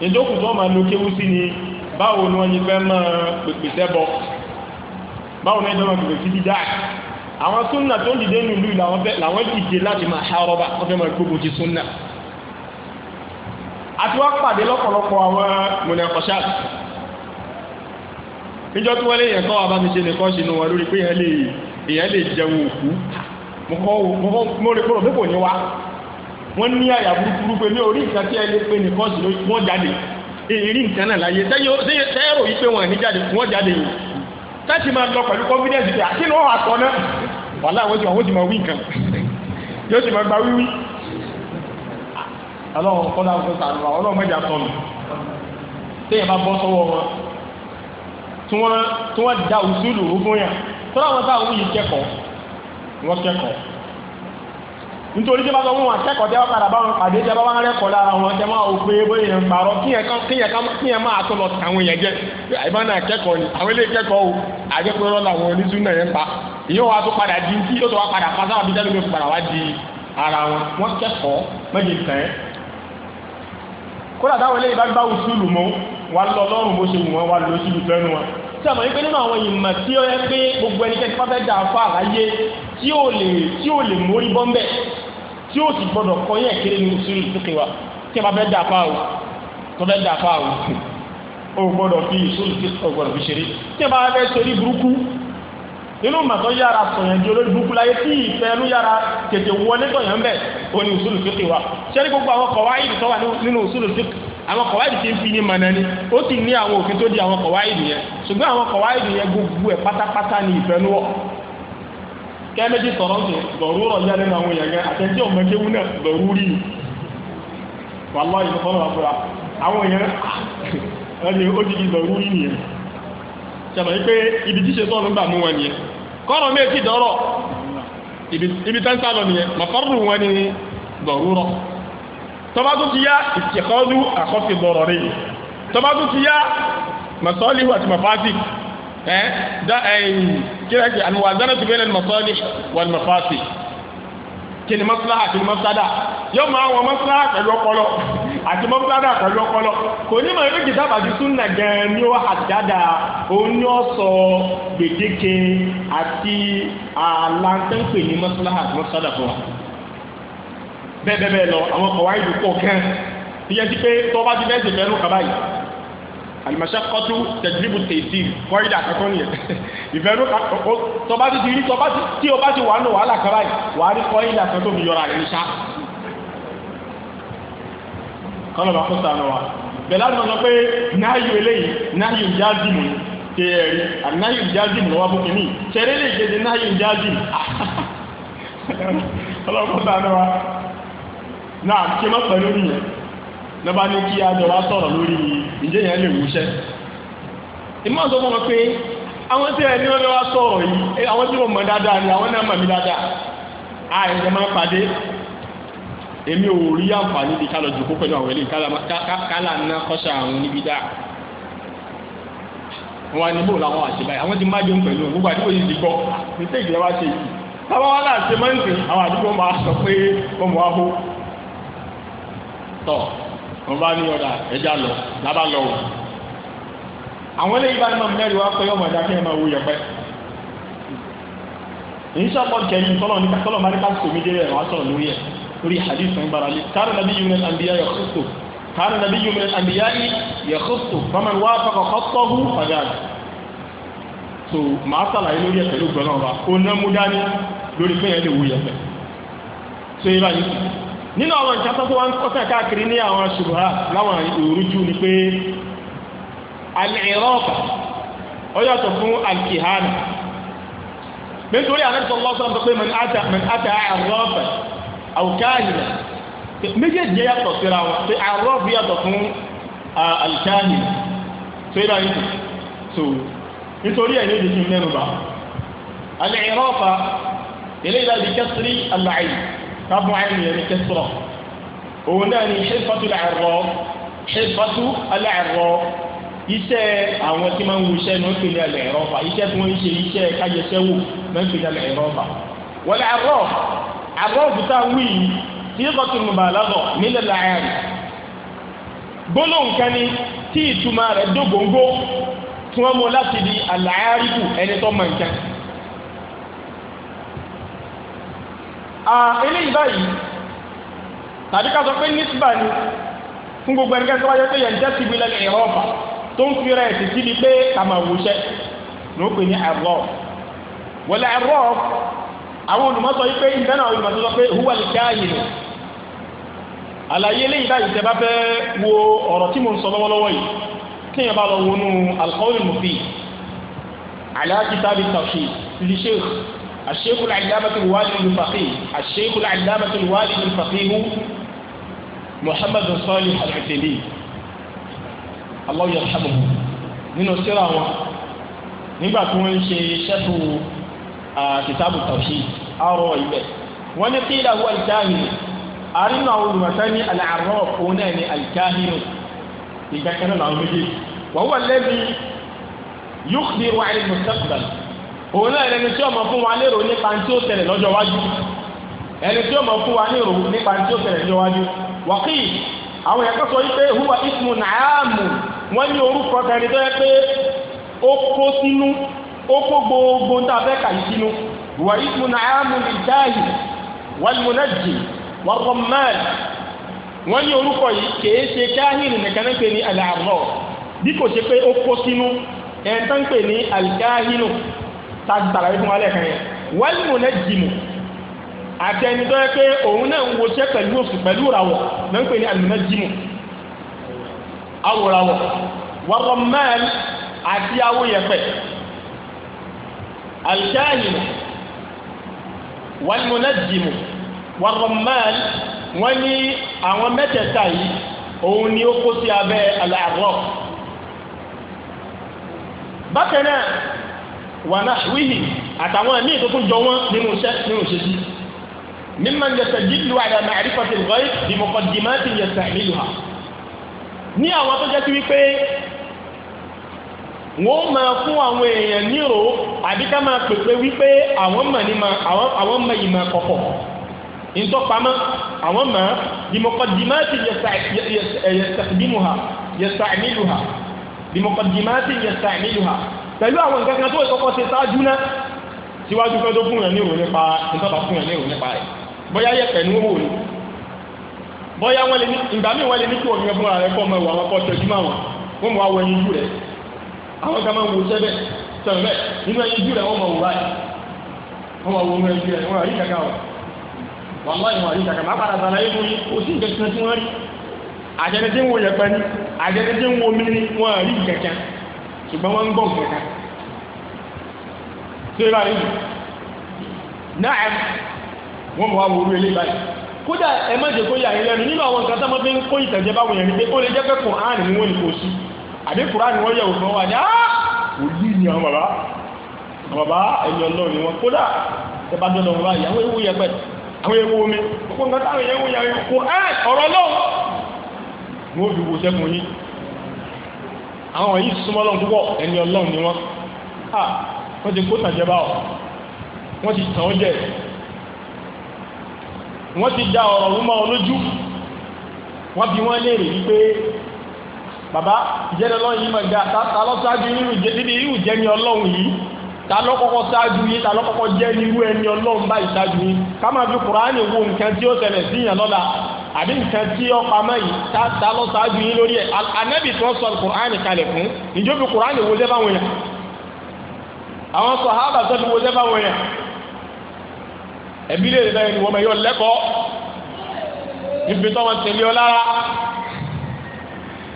ni báwo ni wọ́n ti fẹ́ máa pèpè sẹ́bọ báwo àwọn súnà tó ń dìde nìlú làwọn dìde láti máa ṣàrọ́bà wọ́n fẹ́ máa gbógun ti súnà àti wọ́n pàdé lọ́pọ̀lọpọ̀ àwọn mùnàkọ̀ṣà níjọ́ tí wọ́n yẹn kọ́ wa bá mi ṣe nìkan ṣe nù wọn lórí pé èèyàn lè jẹun òkú mo rí kúrò pípò ní wa wọ́n ní àyà burúkú pé ní orí nǹkan tí ẹ lè pé nìkan ṣe wọ́n jáde èrí nǹkan náà láyé sẹ́yìn rò yí pé wọ́n ní jáde wọ́n jáde yìí láti máa lọ pẹ̀lú confidence pé àti ní wọ́n wà sọ náà wàhálà àwọn ojúmọ̀ ojúmọ̀ wí nǹkan yóò ti mọ̀ gba wíwí ọlọ́run kọ́lá ọ̀sán sàánú wa ọlọ́run mẹ́jà sọnù téèyàn bá bọ́ sọ́wọ́ wọn tí wọ́n da òṣèlú ogún yàn tó láwọn sáà wúyì kẹ́kọ̀ọ́ wọ́n kẹ́kọ̀ọ́ nítorí tí wọ́n sọ wọn akẹ́kọ̀ọ́ tẹ́wọ́ padà bá wọn pàdé tẹ́wọ́ bá rẹ́kọ̀ọ́ lára wọn tẹ́wọ́ pé bóyá parọ́ máa tó lọ àwọn èèyàn jẹ́ náà kẹ́kọ̀ọ́ ni àwọn ilé o àjẹpẹ́rọ́ làwọn oníṣúná yẹn pa ìyẹn wàá tó padà di tí yóò tó wá padà pa sáwọn abidjan lómi padà wá di ara wọn wọn kẹ́kọ̀ọ́ méje tẹ kódà táwọn eléyìí bá bá wùsùlù mọ wà lọ lọrùn bó ṣe wù wọn wà lọ sílù fẹnu wọn tí a mọ̀ wípé nínú àwọn ìmọ̀ tí ó yẹ pé gbogbo ẹnikẹ́ni tó bá fẹ́ dà fún àlàyé tí ó lè tí ó lè mórí bọ́m̀bẹ̀ tí ó sì gbọdọ̀ kọ́ yẹn kéré ní usul fiqh wa tí a bá fẹ́ dà fún àwọn tó fẹ́ dà fún àwọn o gbọdọ̀ fi usul fiqh o fi ṣeré tí a bá fẹ́ sori burúkú nínú màtọ́ yára sọ̀yàn di olórí burúkú láyé tí ìfẹ́ ẹnu yára tètè wọlé sọ̀yàn ń bẹ̀ ó ní usulu fiqh wa ṣẹ́ni gbogbo àwọn qawaid tó wà nínú usulu fiqh àwọn qawaid ti ń fi ní mànà ni ó sì ní àwọn òfin tó di àwọn qawaid yẹn ṣùgbọ́n àwọn qawaid yẹn gbogbo ẹ̀ pátápátá ni ìfẹ́ ẹnu wọ̀ kẹ́mẹ́jì sọ̀rọ̀ ń sè dọ̀rúrọ̀ yá ah, ni ṣẹlẹ̀ wípé ibi tí ṣetán nígbà mú wọn nìyẹn kọ́rọ̀ méjì dọ́rọ̀ ibi tán sálọ nìyẹn mọ̀fọ́rù wọn ni dọ̀rúrọ̀ tọ́ba tó ti yá ìtìkọ́dú àkọ́sí dọ̀rọ̀ rẹ̀ tọ́ba tó ti yá mọ̀sọ́lì àti mọ̀fásì ẹ̀ dá ẹ̀yìn kíláàsì àti wàzánà tó bẹ́ẹ̀ mọ̀sọ́lì wà ní mọ̀fásì kí ni mọ́sálà àti mọ́sádà yóò máa wọn mọ́sálà pẹ̀lú ọpọlọ àti mọ́kútádà pẹ̀lú ọpọlọ kò ní mọ̀ ní kìtàbà ju súnà gan ni ó àdáda òun ni ó sọ gbèdéke àti àlàntẹ́ǹpè ní mọ́sálàhà àti mọ́sálà fún wa bẹ́ẹ̀ bẹ́ẹ̀ bẹ́ẹ̀ lọ àwọn ọ̀wá ìlú pọ̀ gan ìyẹn ti pé tó bá ti bẹ́ẹ̀ sì fẹ́ràn kaba yìí alimasakọtu tẹdiribu tẹsí kọyida akọkọ nìyẹn ìfẹnu kakọ tọba ti ti ri tọba ti tí o bá ti wà nù wàhálà kaba yìí wàhálà kọyida akọkọ mi yọra àyè sá kọ́nà bá kó wa bẹ̀lá nà pé náyù eléyìí náyù jáàzìmù ṣe ẹ̀rí ànáyù jáàzìmù lọ́wọ́ bókè ní ṣẹlẹ̀ lè ṣe ṣe náyù jáàzìmù ọlọ́kọ́ sànù wa náà ṣe mọ́ pẹ̀lú nìyẹn lọ́ ní kí adọ̀ wa sọ̀rọ̀ lórí ìjẹ́ yẹn lè wúṣẹ́ ìmọ̀ sọ fún wọn pé àwọn tí wá sọ̀rọ̀ yìí àwọn tí mọ̀ dáadáa ni àwọn náà mọ̀ mí dáadáa èmi ò rí àǹfààní di ká lọ jòkó pẹ̀lú àwọn eléyìí kálá ná kọ́ṣà àwọn níbi dáa wọn ni àwọn ti má jẹun pẹ̀lú gbogbo àdúgbò yìí ti gbọ́ mistake ìjọba ṣe yìí tábà wọn náà ṣe máa ń pè àwọn àdúgbò máa sọ pé wọn mọ ahó tọ wọn bá ní àwọn eléyìí bá ní mẹ́rin wá pé ọmọ ẹ̀dá kí ẹ máa wo yẹpẹ́ ìyíṣẹ́ torí hadith ń gbára lé káàrọ̀ nàbí yìí min al-anbiya yẹ kóso káàrọ̀ nàbí yìí min al-anbiya yẹ kóso faman wafaqa khattahu fàgáàdì so màá sàlàyé lórí ẹ̀fẹ̀ ló gbọ́nà wa ó ná mú dání lórí pé yẹn lè wú yẹn fẹ́ so yìí báyìí nínú àwọn nǹkan tó wá ń kọ́sẹ̀ káàkiri ní àwọn ṣùgbọ́n láwọn ìrújú ni pé al-iraqa ó yàtọ̀ fún al-kihana nítorí àná sọ lọ́sọ̀rọ̀ pé man àwùkáàlìmà méjèèjì jẹ́ yàtọ̀ síra wọn pé àrọ́bù yàtọ̀ fún àlìkáàlìmà tó yẹ báyìí tó nítorí ẹ̀ ní ojú kí n mẹ́nu bá alẹ́ ìrọ́fà ilé ìlà di kẹsìrì aláì tábù àìní ẹni kẹsìrọ̀ òun náà ni ṣèfàtú làárọ̀ ṣèfàtú aláàrọ̀ iṣẹ́ àwọn tí máa ń wo iṣẹ́ ní wọ́n ní alẹ́ iṣẹ́ tí wọ́n ń ṣe iṣẹ́ kájẹsẹ́wò náà ń pè ní alẹ́ ìrọ́fà wọ́n àgọ́ọ̀fù tá a wí yìí tí yóò kọ́tù mùbà lọ́dọ̀ nílẹ̀ láàárín gbólóhùn kan ni tí ìtumọ̀ rẹ̀ dógóńgó tí wọ́n mú láti di àlàáríkù ẹni tó mọ̀ nǹkan. eléyìí báyìí tàbí ká sọ pé nísìbà ni fún gbogbo ẹnikẹ́ni tó wáyé pé yẹn jẹ́ síbi lẹ́nu ọ̀fà tó ń fi rẹ̀ títí di pé kàmá wòṣẹ́ ló pè ní àrọ́ wọlé àrọ́ àwọn olùmọ̀sọ yìí pé ìbẹ́nà àwọn olùmọ̀sọ sọ pé huwa lè ká yìí nù àlàyé eléyìí báyìí tẹ bá fẹ́ wo ọ̀rọ̀ tí mo ń sọ lọ́wọ́lọ́wọ́ yìí kí èèyàn bá lọ wọnú alqawl mufid ala kitab at-tawhid li sheikh الشيخ العلامة الوالد الفقيه الشيخ العلامة الوالد الفقيه محمد صالح العثيمين الله يرحمه nínú síra wọn nígbà kìtàbù tọ̀ṣì àrọ̀ ibẹ̀ wọ́n ní kílà wọ ìkáhìn àrínà olùmọ̀tá ní àlàárọ̀ òun náà ní àlìkáhìn ìgbà kan náà làwọn méjì wọ́n wà lẹ́bi yóò di wà ní mustaqbal òun náà ẹni tí ó mọ̀ fún wa lérò nípa tí ó tẹ̀lé lọ́jọ́ wájú ẹni tí ó mọ̀ fún wa lérò nípa tí ó tẹ̀lé lọ́jọ́ wájú wàkíì àwọn ẹ̀kọ́ sọ wípé huwa ismu nàámu wọ́n ní orúkọ tẹ̀lé tó yẹ pé ó kó sínú ó kó gbogbo ń tàbẹ́ kàyí sínú wà ìsmù nàámu ìdáhì wàlmùnájì wàrọ̀mọ́ọ̀lì wọ́n ní orúkọ yìí kèé ṣe káhìn nìkan ń pè ní àlàrọ̀ bí kò ṣe pé ó kó sínú ẹni tó ń pè ní àlìkáhìnù tàbí tàbí fún alẹ́ kan yẹn wàlmùnájì mu àti ẹni tó yẹ pé òun náà ń woṣẹ́ pẹ̀lú oṣù pẹ̀lú ràwọ̀ ló ń pè ní àlùmọ́jì mu awòràwọ̀ wàrọ̀mọ́ọ̀lì àti awo alkahin walmunajimu warramal wọ́n ní àwọn mẹ́tẹ̀ẹ̀ta yìí òun ni ó kó sí abẹ́ aláàrọ̀ bákan náà wà náà wíhì àtàwọn ẹ̀mí tó tún jọ wọ́n nínú iṣẹ́ nínú iṣẹ́ sí mímọ̀ yẹsẹ̀ jíjù àdá màrífàtì rọ́ì bí mọ̀kọ̀dìmá ti yẹsẹ̀ nílùú ha ní àwọn tó jẹ́ sí wípé wọ́n máa fún àwọn èèyàn nírò àbí ká máa pèpè wípé àwọn mọ̀ ní ma àwọn mọ̀ ìmọ̀ kọ̀kọ̀ ntọ́pamọ́ àwọn mọ̀ bimọ̀kọ̀dìmáàtì yẹsàmìlùhà yẹsàmìlùhà bimọ̀kọ̀dìmáàtì yẹsàmìlùhà pẹ̀lú àwọn nǹkan kan tó ìkọ́kọ́ ṣe ṣáájú náà síwájú fẹ́ tó fún yàn ní ìròyìn nípa ìtọ́ba fún yàn ní ìròyìn nípa rẹ̀ bóyá yẹ̀pẹ̀ ní owó ni bóyá wọ́n lè ní ìgbà míì wọ́n lè ní kí òmìnira fúnra rẹ̀ kọ́ ọmọ ìwà wọn kọ́ tẹ̀jú máa wọn wọ́n mú àwọn ẹyin àwọn kan máa ń wo iṣẹ́ bẹ́ẹ̀ sọ̀rọ̀ bẹ́ẹ̀ nínú ẹyin jù rẹ̀ wọ́n mọ̀ wò báyìí wọ́n mọ̀ wò nínú ẹyin jù rẹ̀ wọ́n rí kàkà o wàlá ìwọ̀n rí kàkà má padà sàlàyé fún yín kò sí tí wọ́n rí tí ń wo yẹpẹ ni àjẹni tí ń wo mi ni wọ́n rí kàkà ṣùgbọ́n wọ́n ń gbọ́ tí ó rí náà wọ́n wo orú ilé báyìí kódà ẹ má jẹ́ kó yà àbí kùrán ni wọ́n yẹ̀wò fún wa ní á òyí ni àwọn bàbá àwọn bàbá ẹni ọlọ́run ni wọ́n kódà tẹ́bá dọ́dọ̀ wọn báyìí àwọn ewu yẹpẹ̀ àwọn ewu omi gbogbo nǹkan táwọn èèyàn wọ̀nyà kò ẹ́ ọ̀rọ̀ lọ́wọ́ ni ó dùbò sẹ́kùn yín àwọn yìí súnmọ́ lọ́n púpọ̀ ẹni ọlọ́run ni wọ́n à wọ́n ti kó tàjẹ́ bá ọ wọ́n ti tàn ọ́ jẹ wọ́n wípé baba ìjẹ́ni ọlọ́run yìí mọ̀gbà ta lọ ṣáájú níbi irú jẹ́ni ọlọ́run yìí ta lọ kọ́kọ́ ṣáájú yìí ta lọ kọ́kọ́ jẹ́ni irú ẹni ọlọ́run báyìí ṣáájú yìí ká máa fi kùránì wo nǹkan tí ó ṣẹlẹ̀ sí yàn lọ́la àbí nǹkan tí ó pamọ́ yìí ta lọ yìí lórí ẹ̀ sọ kùránì kalẹ̀ fún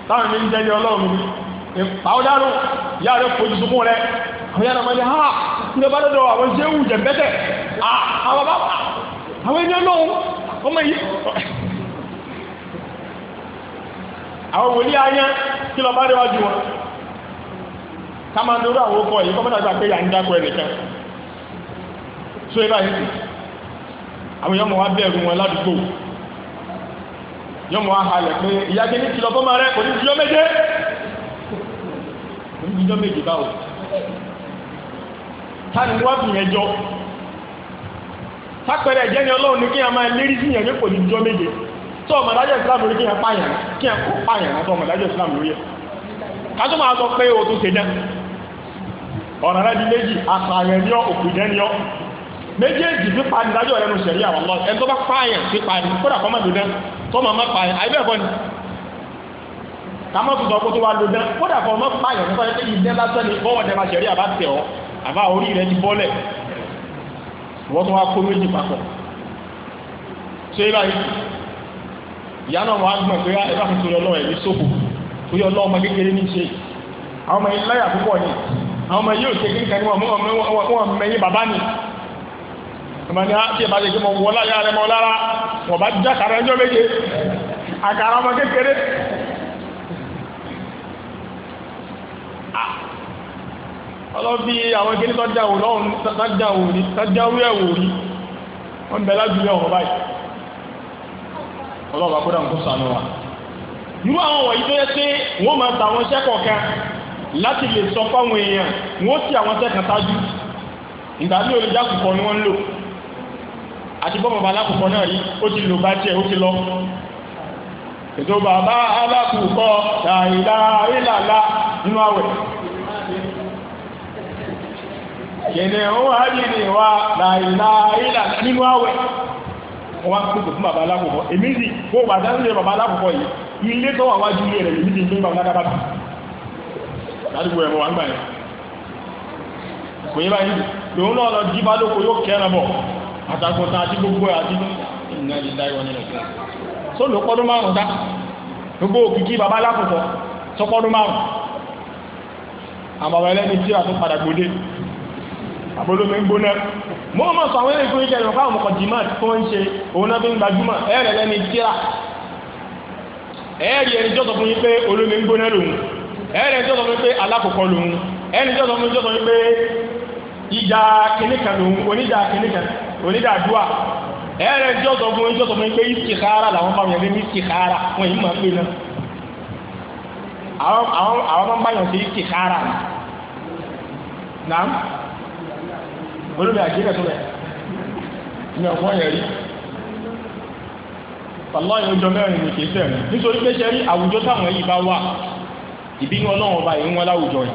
táwọn mi ń jẹ́ ní ọlọ́run mi pàwọ́dárò ìyá rẹ̀ fojú sunkún rẹ̀ àwọn yàrá máa ní ha ní ọba dọ́dọ̀ àwọn ṣé wù jẹ̀ bẹ́tẹ̀ àwọn bá àwọn ẹni ọlọ́run ọmọ yìí àwọn yóò mọ ahalẹ̀ pé ìyá kí ní kìlọ̀ fún ma rẹ̀ kò ní ìjọ méje kò ní ìjọ méje báwo táni wọ́n fi yẹn jọ sápẹ̀rẹ̀ ìjẹ́ni ọlọ́run ní kí a máa lérí sí yẹn kò ní ìjọ méje tó ọmọ adájọ́ ìsìlámù rí kí a pààyàn kí a kó pààyàn àti ọmọ adájọ́ ìsìlámù rí ẹ̀ ká tó máa sọ pé o tó ṣe dẹ́ ọ̀rọ̀ rẹ̀ di méjì àpààyàn ní òkú jẹ́ ní ọ méjèèjì pípa ní adájọ́ rẹ̀ nù sẹ̀rí àwọn ọlọ́run ẹni tó bá pààyàn pípa ní kódà kọ́mọ̀dé náà kọ́ máa má pààyàn àyè bẹ́ẹ̀ kọ́ ni kàmọ́ tuntun ọkọ̀ tó wà lò dán kódà kọ́ má pààyàn nípa ẹgbẹ́ yìí dán lásán ni bọ́wọ̀ dẹ́ ma ṣẹ̀rí àbá tẹ̀ ọ́ àbá orí rẹ ti bọ́lẹ̀ wọ́n tún wá kó méjì papọ̀ ṣé ibà yìí ìyá náà wọ́n á gbọ̀n pé ah, ẹ bá tuntun ọlọ́ ẹ̀ ní sóko torí ọlọ́ ọmọ kékeré ní ṣe àwọn ọmọ yìí láyà púpọ̀ ni àwọn ọmọ yìí ò ṣe kékeré kan ní wọn mẹ́yìn bàbá ni ìmọ̀ ni àti ìbájẹ́ kí mo wọ láyà rẹ mọ́ lára wọ́n bá jẹ́ àkàrà ẹjọ́ méje àkàrà ọmọ kékeré ah. ọlọ́bí àwọn kékeré tọ́jáwò lọ́hùn tọ́jáwò rí tọ́jáwò ẹ̀wò rí wọ́n bẹ̀ lájúlẹ̀ ọ̀rọ̀ báyìí ọlọ́ọ̀bá kó dáhùn kó sànú wa irú àwọn wọ̀nyí tó yẹ pé wọ́n máa ta àwọn iṣẹ́ kọ̀ọ̀kan láti lè sọ fáwọn èèyàn wọ́n sì àwọn iṣẹ́ kan tájú ìgbà tí olùjákùkọ ni wọ́n ń lò àti bọ́ bàbá alákùnkọ́ náà rí ó ti lò bá tiẹ̀ ó ti lọ ètò bàbá alákùnkọ́ tàìlà ìlàlá nínú àwẹ̀ kìnìún òun àjìnì wa tàìlà ìlàlá nínú àwẹ̀ wọ́n á pèsè fún bàbá alákùnkọ́ èmi sì kó bàbá sílẹ̀ bàbá alákùnkọ́ yìí ilé tó wà wájú ilé rẹ̀ èmi sì ń gbé bàbá alákùnkọ́ ládùúgbò ẹ̀mọ́ wà ń gbà yẹn kò yẹ báyìí lòun náà lọ àtàkùntà àti gbogbo àti ìnà ìdá ìwọ̀n nílẹ̀ fún so ló pọ́dún márùn-ún dá gbogbo òkìkí bàbá alákùnkọ tó pọ́dún márùn-ún àbàbà ẹlẹ́ni tí a tún padà gbòdé àbólómi ń gbóná mo mọ̀ sọ àwọn ẹlẹ́gbẹ́ ìjẹ́ ìrọ̀ká àwọn mọ̀kànjìmá tó ń ṣe òun náà fi ń gbajúmọ̀ ẹ̀rẹ̀ lẹ́ni tíra ẹ̀rì ẹni jọ́sọ̀ fún yí pé olómi ń gbóná lòun ẹ̀rẹ̀ ẹni ìjà kìnìkan lòun oníjà kìnìkan oníjà dùà ẹ̀rẹ̀ tí ó sọ fún ẹjọ́ sọ fún pé ìsìkára làwọn bá wọn yẹn ní ìsìkára wọn yìí máa pè náà àwọn àwọn máa ń báyọ̀ sí ìsìkára ni naam olóògbé àgbélẹ̀ tó rẹ̀ ní ọ̀pọ̀ yẹn rí wàláyé ọjọ́ mẹ́rin ní kìí sẹ́rin nítorí pé ṣe rí àwùjọ táwọn yìí bá wà ìbínú ọlọ́run ọba yìí ń wọn láwùjọ yìí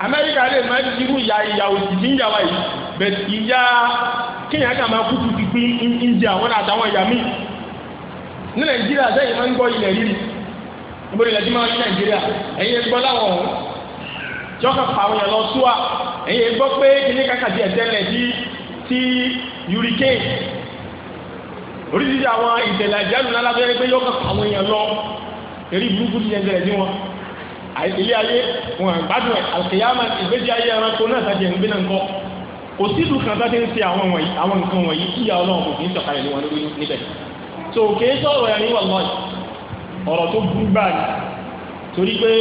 amẹ́ríkà lè má irú ìyá ìyá òjì tí ń yà wá yìí bẹ̀tì ìyá kéèyàn kà máa kú tuntun pé ń jẹ àwọn àtàwọn ìyá míì ní nàìjíríà sẹ́yìn máa ń gbọ́ ilẹ̀ rírì níbo ni ilẹ̀ tí máa ń ní nàìjíríà ẹ̀yin gbọ́ láwọn ọ̀hún tí wọ́n kà pa àwọn èèyàn lọ súwà ẹ̀yin gbọ́ pé kíní kàkà di ẹ̀tẹ́lẹ̀ tí tí oríṣiríṣi àwọn ìtẹ̀lẹ̀ àjálù ilé ayé wọn àgbádùn ẹ àkèyàmà ìgbésí ayé ẹranko náà sájẹ ń gbé náà ń kọ kò sí ìlú kan sáté ń ṣe àwọn wọ̀nyí àwọn nǹkan wọ̀nyí kí ìyá Ọlọ́run kò kì í sọ̀kalẹ̀ lé wọn lórí níbẹ̀ so kìí sọ̀rọ̀ yẹn ní wàlọyì ọ̀rọ̀ tó burú báyìí torí pé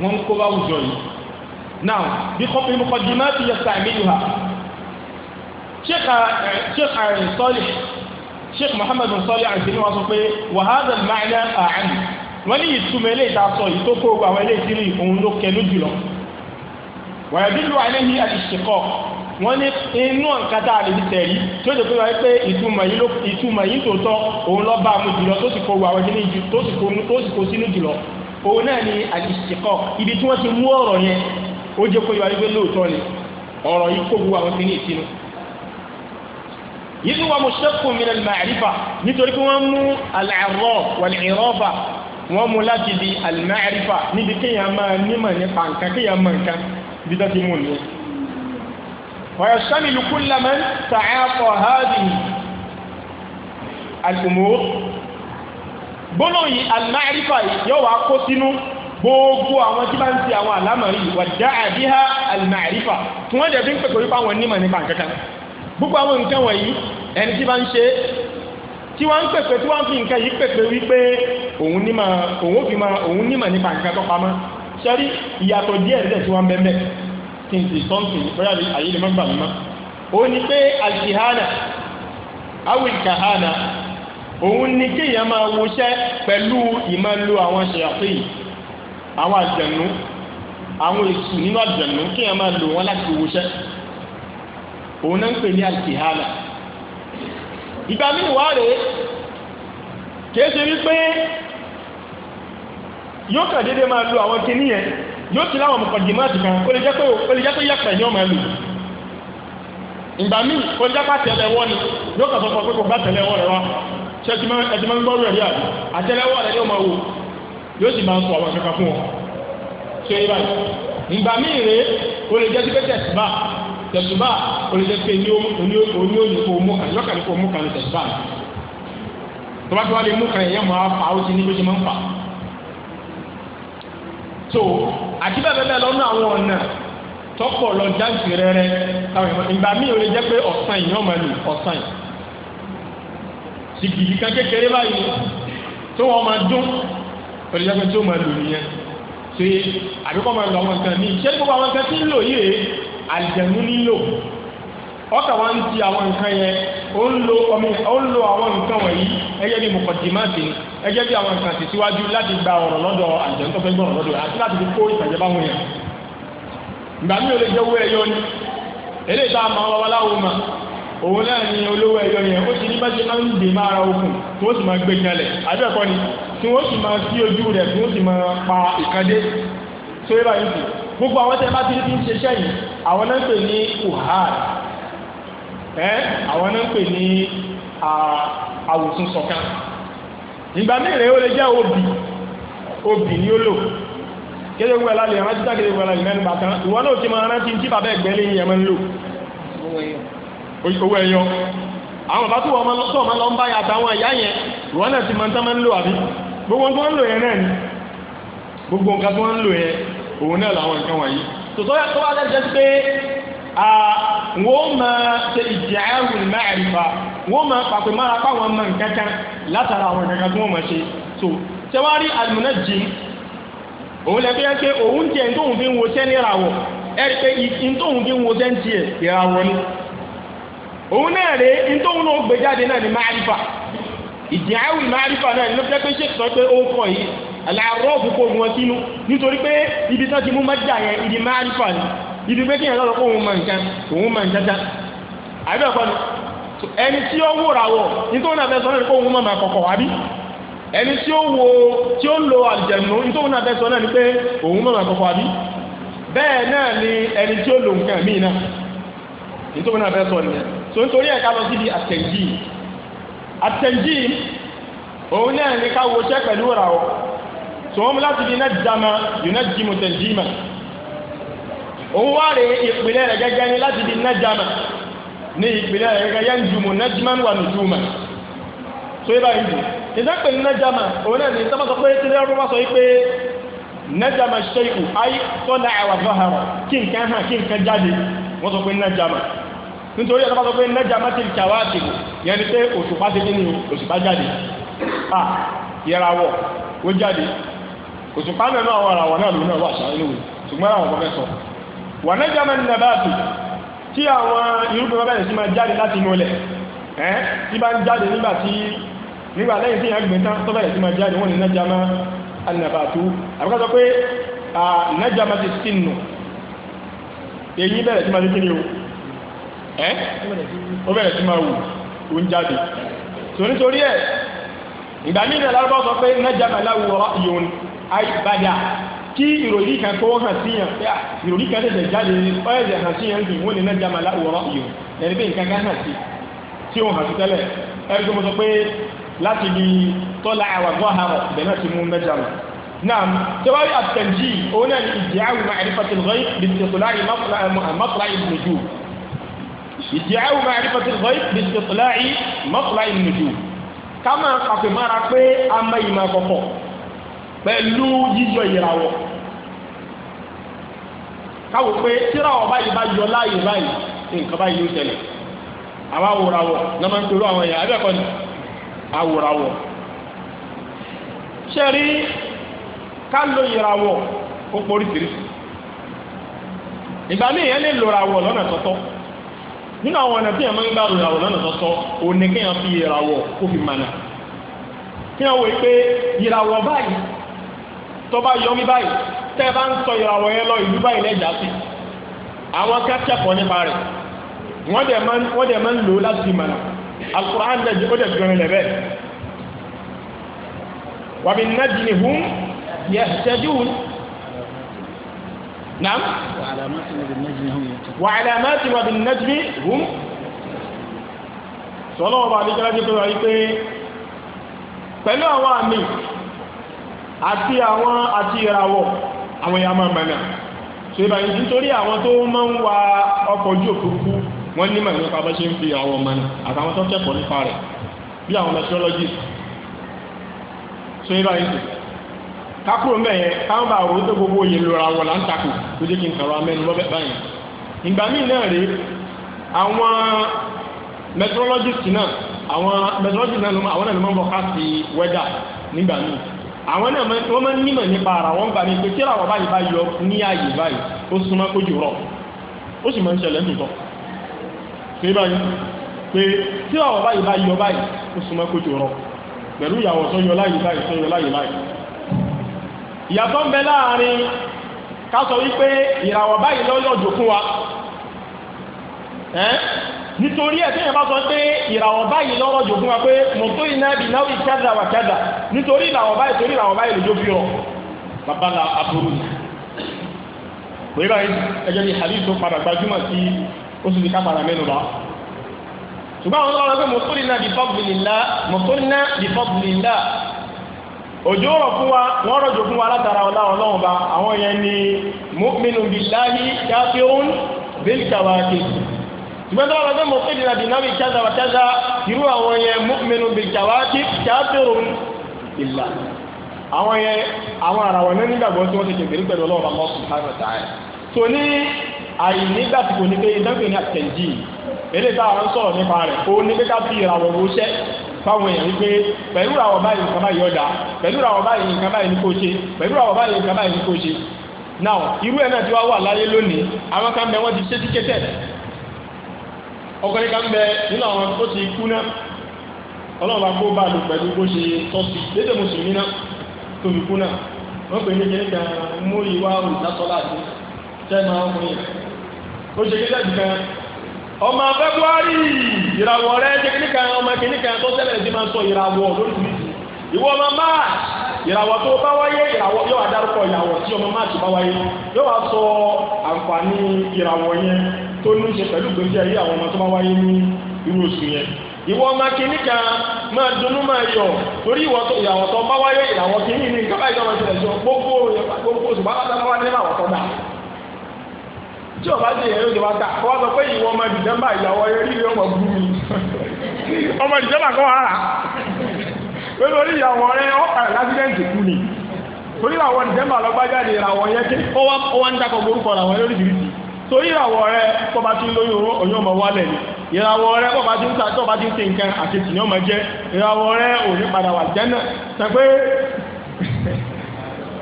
wọn ń kó bá wùjọ yìí now bí mọkàndínlá ti yẹ sàmì yìí ha sheikh ayin eh, sọlẹ eh, sheikh muhammad sọlẹ àti ní wọn sọ pé wàhálà máa ń wọ́n ní ìtumọ̀ ilé ìtasọ̀ yìí tó kó gbogbo àwọn ilé ìsinú ìfòhun ló kẹnu jùlọ wọ̀nyẹ̀ dídú àìlẹ́yìn àtìṣekọ̀ wọ́n ní inú ọ̀nkátà àlèbí tẹ̀rí tí ó jẹ́ pé wáyé pé ìtumọ̀ yìí tòótọ́ òun lọ bá mú jùlọ tó sì kó gbogbo àwọn ilé ìsinú tó sì kó sínú jùlọ òun náà ní àtìṣekọ̀ ibi tí wọ́n ti wọ́n mú láti di alimẹ́rífà níbi kéèyàn máa nímọ̀ nípa nǹkan kéèyàn mọ̀ nǹkan bí tó ti mú nìyẹn. wọ́n sami lukú lamẹ́ tààfọ̀ háàdì alùmọ́ gbólóyìn alimẹ́rífà yóò wá kó sínú gbogbo àwọn tí bá ń ti àwọn àlámọ̀rí wà dá àdíhá alimẹ́rífà tí wọ́n dẹ̀ fi ń pèpè tí wọ́n ń pèpè tí wọ́n ń fi nǹkan yìí pèpè wípé òun nímọ̀ òun fi mọ òun nímọ̀ nípa nǹkan tó pamọ́ sẹ́rí ìyàtọ̀ díẹ̀ díẹ̀ tí wọ́n bẹ́ẹ̀ kí n sì sọ́ǹtì bóyá àyè lè mọ́gbà mímọ́ ó ní pé alkihana awilkahana òun ni kéèyàn máa woṣẹ́ pẹ̀lú ìmọ̀lú àwọn ṣèyàtọ̀ yìí àwọn àjẹ̀nú àwọn èṣù nínú àjẹ̀nú kéèyàn máa lò wọ́n láti woṣẹ́ òun náà ń pè ní alkihana ìgbà míì wá rèé kìí ṣe wípé yóò kàn déédéé máa lo àwọn kìíní yẹn yóò ti láwọn mọ̀kàndínmáàtì kan ó lè jẹ́ pé ó lè jẹ́ pé yẹ̀pẹ̀ ni ó máa lò ìgbà míì ó lè jẹ́ pé àtẹ̀lẹ́wọ́ ni yóò kàn sọ fún ọ pé kò bá àtẹ̀lẹ́wọ́ rẹ wá ṣé ẹtì máa ń tẹ̀sùbá olùdẹ́pẹ́ ní oníyóni kò mú kan lọ́kàn kò mú kan tẹ̀sùbá tó bá tó wá lè mú kan ẹ̀yẹ́ mọ́ apá ó ti ní bó ṣe máa ń fà. so àti bẹ́ẹ̀ bẹ́ẹ̀ lọ́nà àwọn ọ̀nà tọ́pọ̀ lọ jáǹtì rẹ́rẹ́ táwọn ìgbà míì ò lè jẹ́ pé ọ̀sán ìyàn máa lò ọ̀sán ì sìgìdì kan kékeré báyìí tó wọ́n máa dún ò lè jẹ́ pé tó máa lò nìyẹn ṣe àbíkọ́ máa lọ àwọn nǹkan míì ṣé gbogbo àwọn nǹkan tí ń lò yìí àlìjẹ̀nú nílò ọkà wá ń ti àwọn nǹkan yẹn ó ń lo ọmọ àwọn nǹkan wọ̀nyí ẹgẹ́ bí mọ̀kàndínmáàtì ẹgẹ́ bí àwọn nǹkan ti síwájú láti gba ọ̀rọ̀ lọ́dọ̀ àlìjẹ̀nú tó fẹ́ gbọ́ ọ̀rọ̀ lọ́dọ̀ àti láti fi kó ìtàjẹ́ báwọn yẹn ìgbà mi ò lè jẹ́ owó ni eléyìí tá a máa wá wá láwo ma òun náà ni olówó ẹyọ yẹn ó ti ní bá ṣe máa ń dè máa ra okùn tí wọ́n sì máa gbé jalè àbẹ́ẹ̀kọ́ ni tí wọ́n sì máa sí ojú rẹ̀ tí wọ́n sì máa pa ìkàdé tó yẹ báyìí gbogbo àwọn tẹ́ bá ti ní ti ń ṣe iṣẹ́ yìí àwọn náà ń pè ní uhad ẹ àwọn náà ń pè ní àwòsùn sọ̀kan ìgbà mẹ́rin ó lè jẹ́ obì obì ni ó lò kéde gbogbo ẹ̀la lè rántí tá kéde gbogbo ẹ̀la lè mẹ́nu bàtán ìwọ náà ti máa rántí tí bàbá ẹ̀gbẹ́ lé yẹn máa ń lò owó ẹ̀yọ àwọn bàbá tó wọ́n máa lọ́sọ̀ máa lọ ń báyà àtàwọn ẹ̀yà yẹn ìwọ náà ti máa ń tán máa ń lò àbí gbogbo nǹkan tó ń lò yẹn náà ni gbogbo nǹkan tó ń lò yẹn òun náà làwọn nǹkan wọ̀nyí tòtọ́ tó wá lẹ́jẹ́ pé wọ́n máa ṣe ìjẹ́rù mẹ́rìnfà wọ́n máa pàpẹ mára páwọn mọ̀ nǹkankan látara àwọn nǹkankan tí wọ́n máa ṣe so tẹwárí almunajjim òun lẹ́fẹ́ yẹn pé òun tiẹ̀ tóun fi ń wo sẹ́ni ìràwọ̀ ẹ̀rí pé tóun fi ń wo sẹ́ni tiẹ̀ ìràwọ̀ ni òun náà rèé tóun náà gbé jáde náà ni mẹ́rìnfà ìjẹ́rù mẹ́rìnfà náà ni ló fẹ́ pé ṣèkìtọ́ pé ó kọ̀ yìí aláàrọ́ọ̀fù kó gun wọn sínú nítorí pé ibi tán ti mú mọ́jà yẹn ibi máàrífà ni ibi pé kíyàn lọ́rọ̀ kó òun mọ̀ nǹkan òun mọ̀ nǹkan já àbẹ́ ọ̀pọ̀ ni ẹni tí ó wòrà wọ̀ nítorí náà fẹ́ sọ náà kó òun mọ̀ máa kọ̀kọ̀ wá bí ẹni tí ó wo tí ó lo àlùjànnú nítorí náà fẹ́ sọ náà ni pé òun mọ̀ máa kọ̀kọ̀ wá bí bẹ́ẹ̀ náà ni ẹni tí ó lo nǹkan míì náà nítorí náà fẹ́ sọ nìyẹn so nítorí ẹ̀ka lọ síbi àtẹ̀jì àtẹ̀jì òun náà ni ká wo iṣẹ́ pẹ̀lú ìràwọ̀ tòun láti di nẹ́jàmá yunẹ́jìmù tẹ̀jìmà òun wá rè ìpìlẹ̀ rẹ̀ gẹ́gẹ́ ní láti di nẹ́jàmá ní ìpìlẹ̀ rẹ̀ gẹ́gẹ́ yẹn jùmù nẹ́jìmán wà ní jùmà tó yẹ báyìí jù ìdápẹ̀ ní nẹ́jàmá òun náà ní sábà sọ pé tí lẹ́rú bá sọ pé nẹ́jàmá ṣe ikú ayé tọ́lá àwà fáhàrà kí nǹkan hàn kí nǹkan jáde òṣùpá mẹ́nu àwọn àràwọ̀ náà lónà wà ṣáà lówó ṣùgbọ́n àwọn kọ́kẹ́ sọ wà nẹ́jà mẹ́rin nà báàtì tí àwọn irúgbìn bá bẹ̀rẹ̀ sí máa jáde láti inú ilẹ̀ ẹ́ tí bá ń jáde nígbà tí nígbà lẹ́yìn tí ìyàgbìn tán tó bẹ̀rẹ̀ sí máa jáde wọ́n ní nẹ́jà má ànàbàtú àbúkọ́ sọ pé nẹ́jà má ti sí nù èyí bẹ̀rẹ̀ sí máa ní kíni o ẹ́ ó bẹ̀rẹ̀ sí máa wù ó ń jáde tònítorí ẹ̀ ìgbà mí àìbàdà kí ìròyìn kan tó hàn síyàn ìròyìn kan tẹ̀sẹ̀ jáde ní ọ̀ẹ́sẹ̀ hàn síyàn ní wọ́n ní náà jama láwùrọ̀ ìyó ẹni bí nǹkan kan hàn sí tí ó hàn sí tẹ́lẹ̀ ẹni tó mo sọ pé láti di tọ́lá àwàgbọ́ àhàrọ̀ bẹ̀rẹ̀ náà ti mú mẹ́ta نعم سواء التنجيم هنا ادعاء معرفة الغيب باستطلاع مطلع النجوم ìdíyàwó ma'rifati al-ghaib bí istitla'i matla'i an-nujum ká máa kàfé mára pẹ̀lú yíyọ ìràwọ̀ káwò pé tíra ọba yìí bá yọ láàyè báyìí nǹkan báyìí yóò tẹ̀lé àwa àwòràwọ̀ náà máa ń toró àwọn èèyàn ni àwòràwọ̀ ṣe rí ká lo ó porí ìgbà míì yẹn lè lo ìràwọ̀ lọ́nà tọ́tọ́ nínú àwọn ọ̀nà tí yẹn máa ń lọ́nà tọ́tọ́ ni kéèyàn fi ìràwọ̀ kó fi mànà kéèyàn wò pé tó bá yọ mí báyìí tẹ́ bá ń sọ ìràwọ̀ yẹn lọ ìlú báyìí lẹ́jà sí àwọn akẹ́kọ̀ọ́ nípa rẹ̀ wọ́n dẹ̀ máa ń lò ó láti mọ̀nà alukur'an dẹ̀ ó dẹ̀ gbẹ̀rẹ̀ lẹ̀ bẹ́ẹ̀ wàbí nàjìní hùn yẹ ṣẹ́jú نعم وعلامات وبالنجم هم يهتدون وعلامات وبالنجم هم sọlọ́wọ́ bá nígbà jẹ́ pé pé pẹ̀lú àwọn àmì àti àwọn àti ìràwọ̀ àwọn èèyàn máa mẹ́nà so ìbá yìí nítorí àwọn tó máa ń wa ọkọ̀ ojú òfurufú wọ́n nímọ̀ nípa bá ṣe ń fi àwọn ọmọ àtàwọn tó kẹ́kọ̀ọ́ nípa rẹ̀ bí àwọn meteorologist so ìbá yìí kákúrò mẹ́yẹn káwọn bá rò ó tó gbogbo òye lóra wọ̀ láǹtakù tó jẹ́ kí n kàrọ̀ amẹ́nu lọ́bẹ̀ báyìí ìgbà míì náà rèé àwọn meteorologist náà àwọn meteorologist náà àwọn náà ló máa ń bọ̀ ká sí weather nígbà míì àwọn náà wọ́n máa ń nímọ̀ nípa ara wọn gbà ní pé tí àwọn báyìí bá yọ ní ààyè báyìí ó súnmọ́ kó jù rọ̀ ó sì máa ń ṣẹlẹ̀ nìtọ̀ pé báyìí pé tí àwọn báyìí bá yọ báyìí ó súnmọ́ kó jù rọ̀ pẹ̀lú ìyàwó tó yọ láyè báyìí tó yọ láyè báyìí ìyàtọ̀ ń bẹ láàrin ká sọ wípé ìràwọ̀ báyìí lọ́yọ̀dù fún wa nítorí ẹ̀ tẹ́yìn bá sọ pé ìràwọ̀ báyìí lọ́rọ̀ jù fún wa pé mọ̀ tó iná bí náà bí kádà wà kádà nítorí ìràwọ̀ báyìí torí ìràwọ̀ báyìí lójó fi hàn bàbá la aburú ni kò yíra ẹjẹ́ ní hadith tó padà gbajúmọ̀ sí oṣù tí ká padà mẹ́nu bá ṣùgbọ́n àwọn ọlọ́rọ̀ pé mọ̀ tó iná bí fọ́bùlìlá òjò rọ̀ fún wa wọ́n rọ̀jò fún wa látara ọlá ọlọ́run ba àwọn yẹn ni mu'minu billahi kafirun bil kawakib gbẹdọ wọn bẹ mọtò dìrà dìrà bí kẹta wà kẹta irú àwọn yẹn mọmẹnu bí jàwáàtì kẹfẹrù ìlà àwọn yẹn àwọn ara wọn ní nígbàgbọ́ tí wọ́n ti kẹfẹ́rí pẹ̀lú ọlọ́wọ́ bàbá ọkùnrin káàkiri ọ̀tá yẹn tó ní àìnígbà tí kò ní pé ìdánwò ní àtẹ̀jì èdè tá à ń sọ̀rọ̀ nípa rẹ̀ ó ní pé fi ìràwọ̀ wo ṣẹ́ fáwọn èèyàn wípé pẹ̀lú ìràwọ̀ báyìí nǹkan báyìí ọ̀dà pẹ̀lú ìràwọ̀ báyìí nǹkan báyìí ní kò ṣe pẹ̀lú ìràwọ̀ báyìí nǹkan báyìí ní kò ṣe now irú ẹ̀ náà tí wọ́n wà láyé lónìí àwọn kan bẹ wọ́n ti ṣe tíkẹ́tẹ̀ ọkùnrin kan bẹ nínú àwọn tó ti kú náà ọlọ́run kó bá lò pẹ̀lú bó ṣe tọ́sí lédè mùsùlùmí náà tó fi kú náà wọ́n pè ní kíní kan mú ìwà olùdásọ́lá àti tẹ́nu ó ṣe kan ọmọ ìràwọ̀ rẹ̀ ṣe kan ọmọ sọ ìràwọ̀ lórí ìwọ ọmọ march ìràwọ̀ tó bá wáyé ìràwọ̀ yóò tí ọmọ march bá wáyé yóò wá sọ àǹfààní ìràwọ̀ yẹn tó ní ṣe pẹ̀lú gbèsè ayé àwọn ọmọ tó bá wáyé ní irú oṣù yẹn ìwọ ọmọ kìíní kan máa dunnú máa yọ torí ìwọ tó ìràwọ̀ tó bá wáyé ìràwọ̀ ní gbogbo gbogbo bá pé lórí ìyàwó rẹ ọkà lásìdẹ́ǹtì kú ni torí àwọn dìsẹ́mbà lọ́gbájáde ìràwọ̀ yẹn ké ó wá ń dákọ̀ orúkọ làwọn lórí ìrísí torí ìràwọ̀ rẹ tó bá ti lóyún oró ọ̀yọ́ ọmọ wálẹ̀ ni ìràwọ̀ rẹ tó bá ti ń ta tó bá ti ń ṣe nǹkan àti tìǹyà ọmọ jẹ ìràwọ̀ rẹ ò ní padà wà jẹ́nà sọ pé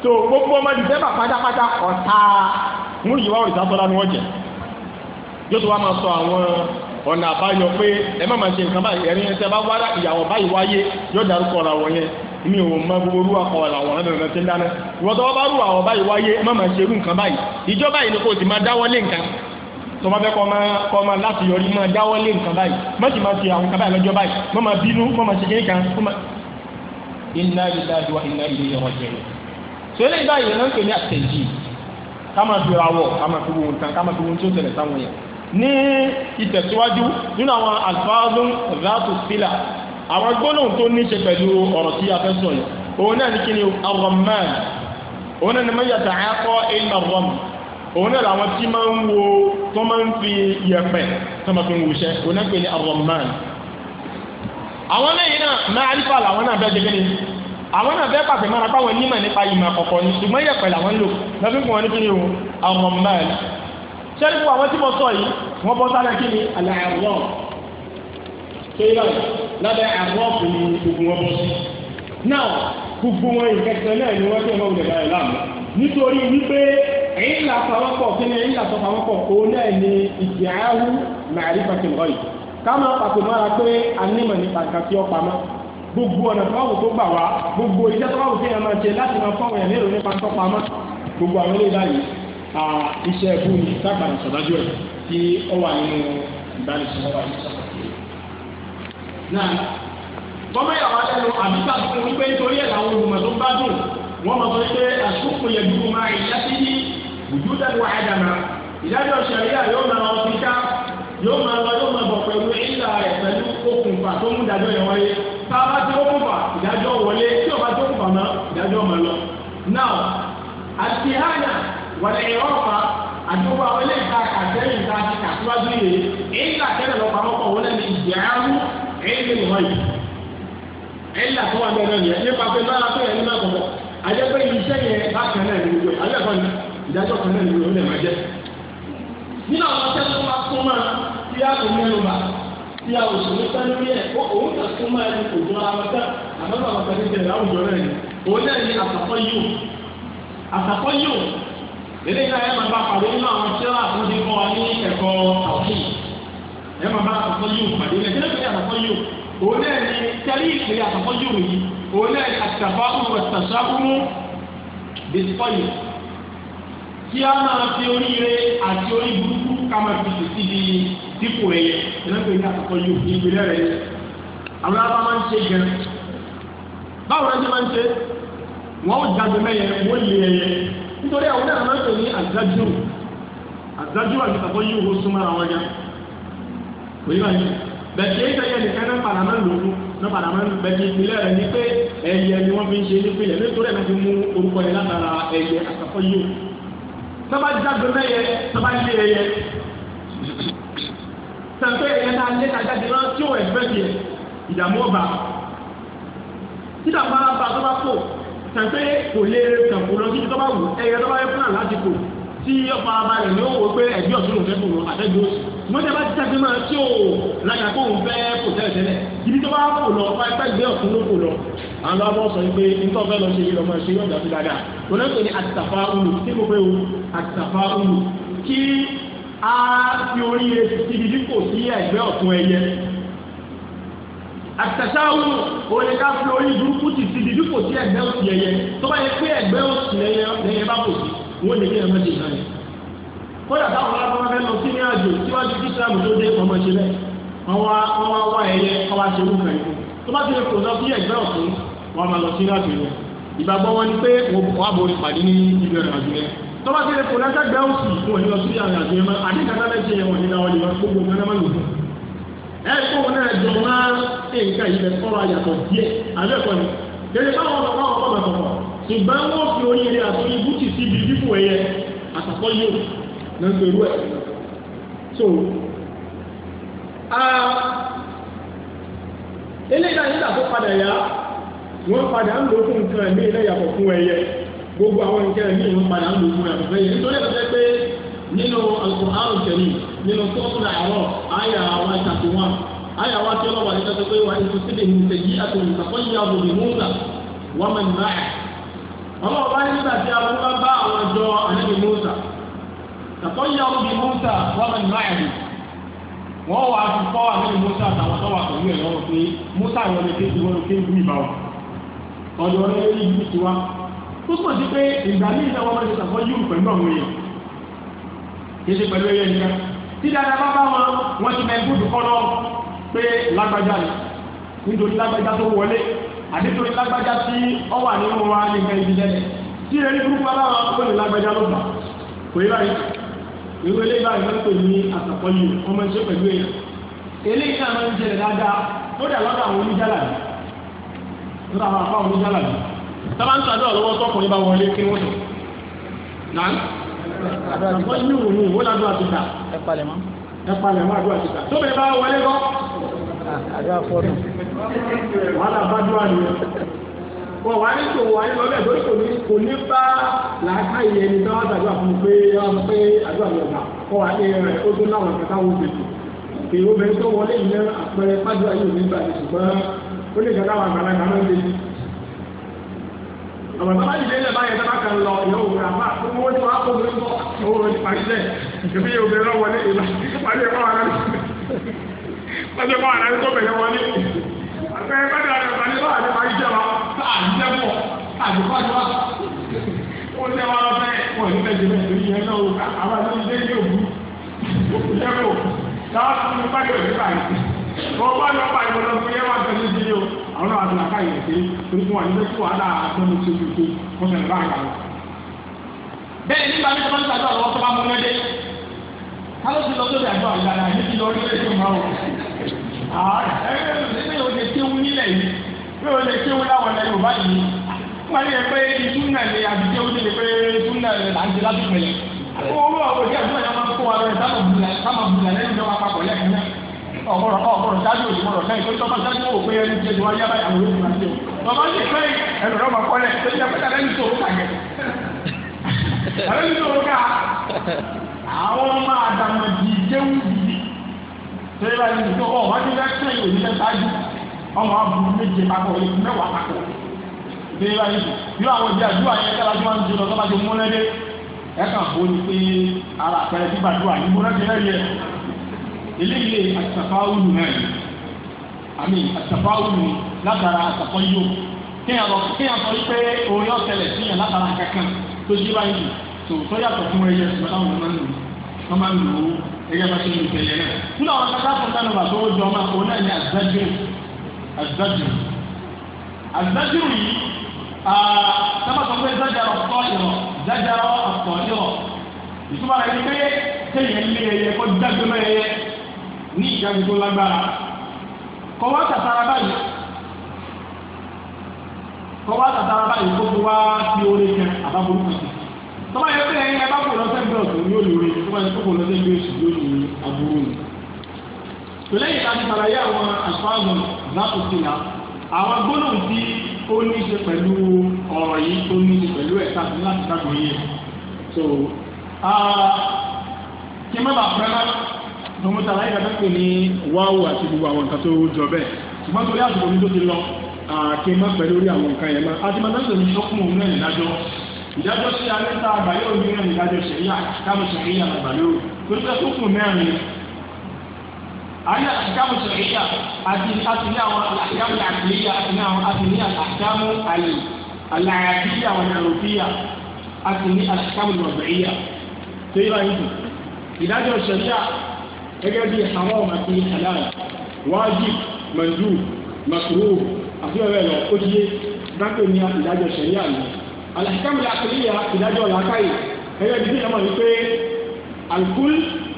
tó gbogbo ọmọ dìsẹ́mbà pátápátá ọ̀tá múlùú yìí wá òrìṣà tọ́lá ni wọ́n jẹ yóò tó wá máa sọ àwọn ọ̀nà àbáyọ pé ẹ má máa ṣe nǹkan báyìí ẹ̀rín ẹ̀tẹ́ bá wá ìyàwó báyìí wáyé yóò dárúkọ ọ̀rọ̀ àwọn yẹn mi ò mọ gbogbo orú akọ àwọn ọ̀rọ̀ tí ń dáná ìwọ́n tó bá rú àwọn báyìí wáyé má máa ṣerú nǹkan báyìí ìjọba yìí ni kò sì máa dáwọ́lé nǹkan tó bá fẹ́ kọ́ máa láti yọrí máa dáwọ́lé nǹkan báyìí má máa àwọn nǹkan báyìí lọ́jọ́ ní ìtẹ̀síwájú nínú àwọn alfáàdùn ráàtù sílà àwọn gbólóhùn tó ní ṣe pẹ̀lú ọ̀rọ̀ tí a fẹ́ sọ yìí òun náà ní kí ni arọ́mán òun náà ni mọ́ yàtà àkọ́ ilẹ̀ rọ́m òun náà làwọn tí máa ń wo tó máa ń fi yẹ̀pẹ̀ tó máa fi ń wuṣẹ́ òun náà pè ní arọ́mán àwọn lẹ́yìn náà máàlífà làwọn náà bẹ́ẹ̀ jẹ́gẹ́ ni àwọn náà bẹ́ẹ̀ pàṣẹ mára báwọn nímọ̀ nípa ìmọ̀ àkọ́kọ́ ni ṣùgbọ́n yẹ̀pẹ̀ làwọn lò lọ́fíìkùn wọn ní kí ni o arọ́mán sẹ́ríkù àwọn tí mo sọ yìí wọ́n bọ́ sára kí ni àlẹ́ àrùn tó yẹ báyìí lábẹ́ àrùn ọ̀pọ̀ ni gbogbo wọn bọ́ sí. náà gbogbo wọn ìkẹsẹ̀ náà ni wọ́n fẹ́ mọ́ wulẹ̀ báyìí láàmú nítorí wípé ẹ̀yìn là fàwọ́pọ̀ kíni ẹ̀yìn là fàwọ́pọ̀ òun náà ni ìdíyàwó màrífàtì lọ́yì káma pàtó mára pé anímọ̀ nípa kàtí ọ̀pá mọ́ gbogbo ọ̀nà tó wàwù tó gbà wá gbogbo iṣẹ́ tó wàwù tó yẹ máa ṣe láti máa fọ́wọ́ yẹn lérò nípa tọ́pá mọ́ gbogbo àwọn eléyìí iṣẹ́ ẹ̀kú ni tábàdà sọ̀dájú ẹ̀ tí ó wà nínú ìbánisọ̀rọ̀ wa yìí náà bọ́mọ yàrá lẹ́nu àbí sàkóso wípé nítorí ẹ̀ làwọn olùmọ̀ tó bá dùn wọ́n mọ̀ sọ pé àṣùkò yẹ dùn máa ìyá sí ní wùdúdàlù àdàmà ìdájọ́ sẹ̀ríà yóò máa lọ sí ká yóò máa lọ yóò máa bọ̀ pẹ̀lú ìlà rẹ̀ pẹ̀lú okùnfà tó mú ìdájọ́ yẹn wáyé tá a bá ti okùnfà ìdájọ́ wọlé tí o bá ti okùnfà mọ́ ìdájọ́ mọ́ lọ. now àti hànà wọ́n ní ọ̀fà àdúgbò àwọn ilé ìta àtẹ́yìn ìta àti yìí èyí àtẹ́yìn lọ́pọ̀ àwọn ọkọ̀ wọlé ní ìdí àárú èyí ní ìwọ̀ yìí èyí àti wọn yẹn nípa pé lọ́la tó yẹn nígbà kọ̀ọ̀kọ̀ àjẹ́ iṣẹ́ yẹn bá kan náà ní gbogbo àjẹ́ kan ìdájọ́ kan náà jẹ́ nínú àwọn máa máa tí a kò mẹ́nu bá tí a ò sì ní òun kà máa ní lélẹ́yìn náà ẹ máa bá pàdé nínú àwọn tíra tó ti kọ́ wa ní ẹ̀kọ́ àwòkí ẹ máa bá àkọ́kọ́ yóò pàdé ẹ̀ kílẹ̀ pé àkọ́kọ́ yóò òun náà ní tẹ́lí ìpè àkọ́kọ́ yóò yìí òun náà ní àtàfà ọmọ ṣàṣà ọmọ bẹ̀sítọ́ yìí kí a máa fi oríire àti orí burúkú ká máa fi tètè di dípò ẹ̀yẹ kílẹ̀ pé ní àkọ́kọ́ yóò ní ìpìlẹ̀ rẹ̀ àwọn ará máa ń ṣe gẹ̀rẹ́ báwo ni wọ́n ti máa ń ṣe wọ́n ó nítorí àwọn náà máa ń pè ní àdájú àdájú àti tàbí yìí owó súnmọ́ àwọn ẹja kò yíra yìí bẹ̀tì èyí tẹ̀yẹ nìkan náà padà máa ń lòlú náà padà máa ń bẹ̀tì ìpìlẹ̀ rẹ̀ ní pé ẹyẹ ni wọ́n fi ń ṣe nípìlẹ̀ nítorí ẹ̀ náà fi mú orúkọ yẹn látara ẹyẹ àtàkọ́ yìí sábà jáde mẹ́yẹ sábà lé ẹyẹ sàpé ẹyẹ náà lé kájáde náà tí ò ẹ̀fẹ́ yẹ ìdààmú ọba títà bá bá tó bá pò tẹ̀pẹ́ kò lè tẹ̀kù lọ títí tó bá wù ẹ̀yẹ tó bá yẹ fúnà láti kò tí ọba abalẹ̀ ní òwò pé ẹ̀bí ọ̀tún lòún fẹ́ kò lọ àtẹ́jọ́ òsì wọ́n tẹ́ bá ti tẹ́tí máa tí ò láyà kó òun fẹ́ kò tẹ́lẹ̀ tẹ́lẹ̀ ibi tó bá kò lọ ọba ẹgbẹ́ ìgbé ọ̀tún ló kò lọ àwọn lọ́wọ́ bọ́ sọ pé nǹkan ọ̀fẹ́ lọ ṣe yìí lọ́mọ ṣe yóò dàbí dáadáa kò lẹ́kọ̀ọ́ ni àtàfà olù tí mo fẹ́ o àtàfà olù kí a fi oríire síbi dípò sí ẹgbẹ́ ọ̀tún ẹyẹ àtẹ̀sáwù òní ká fi orí burúkú ti ti di dípò sí ẹgbẹ́ òsì ẹ̀yẹ tó bá yẹ pé ẹgbẹ́ òsì ẹ̀yẹ lẹ́yẹ bá kò sí wọ́n lè ní ẹ̀mọ́ ti ìgbà yẹn. kódà táwọn alábọ́n fẹ́ lọ sí ní àjò síwájú kí islam tó dé ọmọ ṣe bẹ́ẹ̀ wọ́n wá wọ́n wá wá ẹ̀yẹ wọ́n wá ṣe wúkà yìí tó bá ti lè kò lọ sí ẹgbẹ́ ọ̀tún wọ́n máa lọ sí ní àjò yẹn ìgbàgbọ́ wọn ni pé wọ́n á borí pàdé ní ibi ọ̀rọ̀ àjò yẹn tó bá ti lè kò lọ́sẹ̀gbẹ́ òsì wọn ni lọ sí àjò yẹn mọ́ àdéhùn kátà mẹ́sẹ̀ wọn ni náà wọ́n lè wọ́n gbogbo nǹkan náà má lò fún un. ẹ̀kọ́ náà jọ máa ṣe nǹkan ìlẹ̀ kọ́ra yàtọ̀ díẹ̀ àbẹ́kọ̀ ni kéré báwọn ọ̀pọ̀ ọ̀pọ̀ ọ̀pọ̀ ṣùgbọ́n wọ́n fi oríire àti ibùtì sí ibi bíbù ẹ̀yẹ àtàkọ́ yóò ló ń pẹ̀lú ẹ̀ so eléyà nígbà tó padà yá wọn padà ń lò fún nǹkan ẹ̀mí ilẹ̀ yàtọ̀ fún ẹ̀yẹ gbogbo àwọn nǹkan ẹ̀mí padà ń lò fún ẹ̀ nínú alukur'an kẹrì nínú sọ́kùnrin àárọ̀ àyà wa ìtàkì wọn àyà wa tí ọlọ́wà ní kẹsàn-án pé wà ní sídìí ní sẹ́yí àtòlù ìtàkọ́yé àbòrò ìmúta wọ́n mẹ́ nà ẹ̀. ọlọ́wà bá yẹ nígbà tí a bá bá àwọn ọjọ́ ànábì Mùsá ìtàkọ́yé àbòrò ìmúta wọ́n mẹ́ nà ẹ̀. wọ́n wà á fi kọ́ ànábì Mùsá àtàwọn tó wà pẹ̀lú ẹ̀ lọ́wọ́ pé Mùsá ìwọlé kéjì wọ́n ló kéjì ìbá wa ọ̀dọ̀ ọ̀rẹ́ yẹn ní ìbí tiwa. ó sọ̀ sí pé ìgbà míì náà máa ń ṣe ìtàkọ́yé pẹ̀lú àwọn èèyàn kì í ṣe pẹ̀lú eré nìkan tí dáadáa bá bá wọn wọn ti mẹ gúdù kọ́ lọ pé lágbájá ni nítorí lágbájá tó wọlé àti nítorí lágbájá tí ọ wà nínú wa ní nǹkan ibi lẹ́lẹ̀ tí eré burúkú bá wọn ó ní lágbájá ló gbà kò yí báyìí ìwé ilé báyìí wọn pè ní àtàkọ́yù ọmọ ìṣe pẹ̀lú èèyàn eléyìí náà máa ń jẹ dáadáa ó dà lọ́dọ̀ àwọn oníjàlá yìí lọ́dọ̀ àwọn àpá oníjàlá yìí tábà ń sàdọ̀ lọ́wọ́ tọkùnrin bá wọlé kí àbọ̀ yìí wò ní ìwọ́n ládùn àtìkà. ẹ palẹ̀ mọ́. ẹ palẹ̀ mọ́ àdúrà àtìkà. tó bẹ̀rẹ̀ bá wọlé kọ́. àdúrà fọ́ọ̀nù. wàhálà bá dúrà nìyẹn. wọ́n wá ní tòun wá ní lọ́lẹ̀ lórí kò ní kò ní bá làákà ìyẹn ní táwọn àdúrà fún pé wọ́n pé àdúrà mi ọ̀gá kọ́ wa ní rẹ̀ ó tó láwọn kẹta wọn bèbè. èyí náà àpẹẹrẹ ní ọ̀rọ̀ tó bá dìde ilẹ̀ báyẹn bá kàn lọ ìyóò wúra má owó tí wàá kó lórí bọ́ owó rẹ̀ parí lẹ̀ ìbí yóò bẹ̀rẹ̀ lọ wọlé ìlà pàdé ẹ̀kọ́ ara rẹ̀ pàdé ẹ̀kọ́ ara rẹ̀ tó bẹ̀rẹ̀ wọlé àgbẹ̀ pàdé ara rẹ̀ pàdé lọ́wọ́ àti parí jẹ́ wa tá ó jẹ́ wa fẹ́ wọ̀ ní bẹ́ẹ̀ jẹ́ ìyẹn náà àwọn àwọn náà wà sí làkà ìyẹn pé torí fún wa nígbà tí wàhálà àtọ́nu ti fi kó wọ́n sọ̀rọ̀ bá àgbà lọ. bẹ́ẹ̀ nígbà mi tọ́lá nígbà tó àwọn ọkọ̀ bá mú lọ́dẹ káló ti lọ sóde àjọ àgbàlá ní ti lọ rí lè fún wọn. ẹgbẹ́ ò lè kéwu nílẹ̀ yìí ẹgbẹ́ ò lè kéwu láwọn ilẹ̀ Yorùbá wọ́n yẹ pé ìtúnà ni àbíké ó lè pé ìtúnà ni là ń ṣe lásìkò yẹn. owó àwọn òṣèlú àti ọ̀yọ́ máa ń kó wa ọ̀gbọ̀rọ̀ ọ̀gbọ̀rọ̀ dájú òní mọ̀rọ̀ lẹ́yìn tó tọ́ka dájú wò pé ẹni jẹ́ ìwájú abáyà wò ó ti bàbá ṣe pé ẹnu rọ́mọ kọ́lẹ̀ tó jẹ́ pé ẹni tó kà yẹ. ẹni tó kà àwọn ọmọ àdàmọ̀ di jẹ́wù yìí tó yẹ báyìí tó ọ̀ wájú bẹ́ẹ̀ tẹ̀yìn òní lẹ́ta jù ọmọ aburú méje papọ̀ mẹ́wàá papọ̀ tó yẹ báyìí yóò àwọn ìdí àdúrà yẹn kára tó máa ń jẹ lọ tó máa ti mú lẹ́dẹ́ ẹ̀ kàn fún ni pé ara àpẹẹrẹ bíbàdúrà yìí mo rẹ́ eléyìí lè àtàfáwùlù náà yìí àmì àtàfáwùlù látara àtàfọ́yò kéèyàn lọ kéèyàn sọ pé orin ọ̀sẹ̀lẹ̀ síyàn látara kankan tó ṣe báyìí tó tó yàtọ̀ fún ẹyẹ ṣùgbọ́n táwọn ọmọ nù wọ́n máa ń lò ó ẹyẹ bá ṣe ń tẹ̀lé náà nínú àwọn kankan tó ń dáná bàtọ́ ó jọ máa òun náà ní àzájú àzájú àzájú yìí sábà sọ pé zájàrọ̀ tọ́ ìrọ̀ zájàrọ̀ àtọ̀ ìrọ̀ ìtumọ̀ rẹ̀ ni pé kéèyàn lé ẹyẹ kó dágbé mọ́ ẹyẹ ní ìjagun tó lágbára kọ́wá tàtàrà báyìí kọ́wá tàtàrà báyìí kó wá sí orí kan àbábọ̀ kan tọ́ba yẹn pé ẹyin ẹbá kò lọ́sẹ̀ bí ọ̀sùn yóò lórí tọ́ba yẹn kò lọ́sẹ̀ bí oṣù yóò lórí àbúrò ni. tòlẹ́yìn ta ti sàlàyé àwọn àṣùwàgùn lákòókò náà àwọn gbólóhùn tí ó ní í ṣe pẹ̀lú ọ̀rọ̀ yìí tó ní í ṣe pẹ̀lú ẹ̀ka àti láti dàgbò yìí. so ah, kí n má pẹ́ náà ní mo ṣàlàyé ìgbà tó ní wáwù àti gbogbo àwọn nǹkan tó jọ bẹ́ẹ̀ ṣùgbọ́n torí àsìkò mi tó ti lọ àti má pẹ̀ lórí àwọn nǹkan yẹn mọ́ àti máa tẹ̀sán ní ṣọ́kùnmù náà ìdájọ́ ìdájọ́ sí alẹ́ tá àgbáyé òní náà ìdájọ́ ṣẹ̀ríyà káàbọ̀ ṣẹ̀ríyà àgbàlẹ́ òní torí pé ṣọ́kùnmù mẹ́rin ayé àkàmù ṣẹ̀ríyà àti àtìní àwọn àkàmù àkìlíyà àti àwọn àtìní àkàmù àlè àlàyàkìlíyà àwọn àròkìyà àtìní àkàmù lọ́gbẹ̀ẹ́yà tó yẹ gẹ́gẹ́ bí haram àti halal wájib mandub makruh àti ọ̀rẹ́ lọ ó díye dákò ní ìdájọ́ ṣẹ̀ríà ni alàṣìkàmìlà àkìlíyà ìdájọ́ làákàyè gẹ́gẹ́ bí kíyàmọ̀ wípé alkul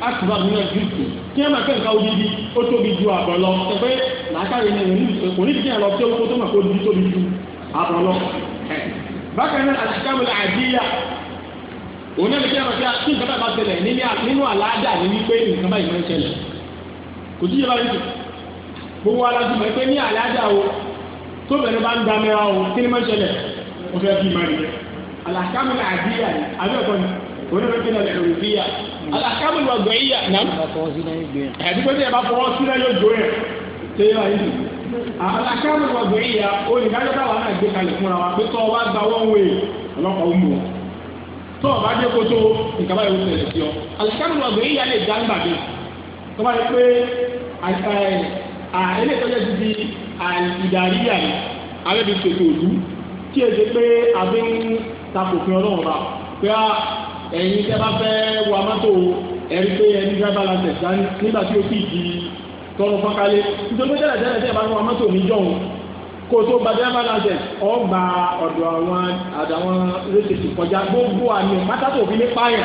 akbar ní ọ̀dùnkù kíyàmọ̀ pé nǹkan odidi ó tóbi ju àbọ̀ lọ ẹgbẹ́ làákàyè ní ìrìn kò ní kíyàn lọ tí ó kó tó mà kó tóbi ju àbọ̀ lọ bákan náà alàṣìkàmìlà àdíyà òun náà lè fi ẹ̀rọ sí àti nǹkan báyìí máa ṣẹlẹ̀ nínú àlàáda ní wípé nǹkan báyìí máa ń ṣẹlẹ̀ kò sí ìjọba yìí gbogbo alájú mọ̀ pé ní àlàáda o tó bẹ̀rẹ̀ bá ń da mẹ́ra o kí ni máa ń ṣẹlẹ̀ o fẹ́ bí máa nìyẹn alàkámìlì àdíyà ni àbí ọ̀tọ̀ ni onífẹ́ kí ni ọ̀lẹ̀ òrùn fi yà alàkámìlì ọ̀gbẹ̀ yíyà náà ẹ̀dí pé tí ẹ bá fọwọ́ sí náà yóò jó yẹn ṣé yóò ayé alàkámìlì ọ̀gbẹ̀ yíyà olùdájọ́ táwa náà gbé kalẹ̀ fúnra wa pé tọ́ wa gba wọ́n wé ọlọ́pàá ó mú wọn tó o bá dé koto nǹkan báyìí ó tẹ̀lé sí ọ. àlùkánù wa gbèyí yálẹ̀ já ńgbà mi tó bá yẹ pé àìlè tọ́jú ti di ìdarí àyè alẹ́ bí tètè òdu kí ẹ ṣe pé àbí ń takòfin ọlọ́run bá pé ẹ̀yin tẹ́ bá fẹ́ wa mọ́tò ẹ̀rí pé ẹni fẹ́ balance ẹ̀dá nígbà tí ó sì di tọrọ nítorí pé tẹ́lẹ̀ tẹ́lẹ̀ tẹ́lẹ̀ bá wa mọ́tò níjọ́ òun Koto tó gba driver license ọ gba ọ̀dọ̀ àwọn àtàwọn rétètè kọjá gbogbo àmì pátátó òfin ní páyà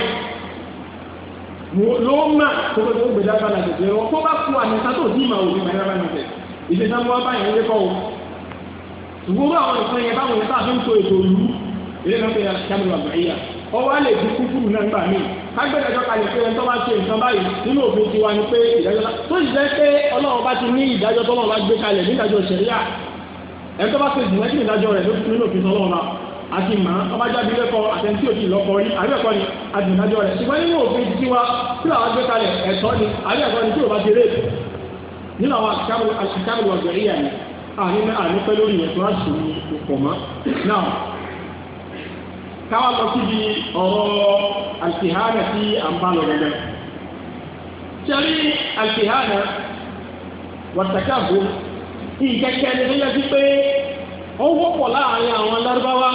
ló mà kó tó gbé driver license lọ kó bá kú àmì pátátó òfin mà òfin mà driver license ìṣèjọba wọn bá yẹn lé kọ́ o gbogbo àwọn nǹkan yẹn báwọn yẹn bá fi ń to ètò ìlú ilé náà fi ṣàmìlò àgbáyà ọwọ́ alẹ́ ìdí kúkúrú náà gbà mí kágbẹ́rẹ́ ẹjọ́ kalẹ̀ pé ẹjọ́ bá ṣe nǹkan báyìí nínú òfin tiwa ni pé ìdájọ́ tó sì jẹ́ pé ọlọ́run bá ti ní ìdájọ́ tó lọ́run bá gbé kalẹ̀ ní ìdájọ́ ẹni tó bá ṣe jìnnà kí ni ìdájọ́ rẹ̀ ló fi nínú òfin sọlọ́wọ́n náà àti mà á ọba jáde lẹ́kọ̀ọ́ àtẹ̀ntí òkè lọ́kọ̀ rí àbẹ́ẹ̀kọ́ ni àti ìdájọ́ rẹ̀ ṣùgbọ́n nínú òfin tiwa tí àwọn gbé kalẹ̀ ẹ̀tọ́ ni àbẹ́ẹ̀kọ́ ni tí ò bá ti rè nínú àwọn àṣìkábìlì ọ̀gbẹ̀ rí àyè àní àní pẹ́ lórí yẹn tó láti ṣòwò ìpò mọ́. náà káwá lọ síbi ọ̀rọ̀ àṣìhánà tí à ń bá lọ lọ́lẹ́. ṣẹ́rí àṣìhánà wàtàkàbó ìkẹ́kẹ́ ni tó yẹ sí pé ó wọ́pọ̀ láàrin àwọn lárúbáwá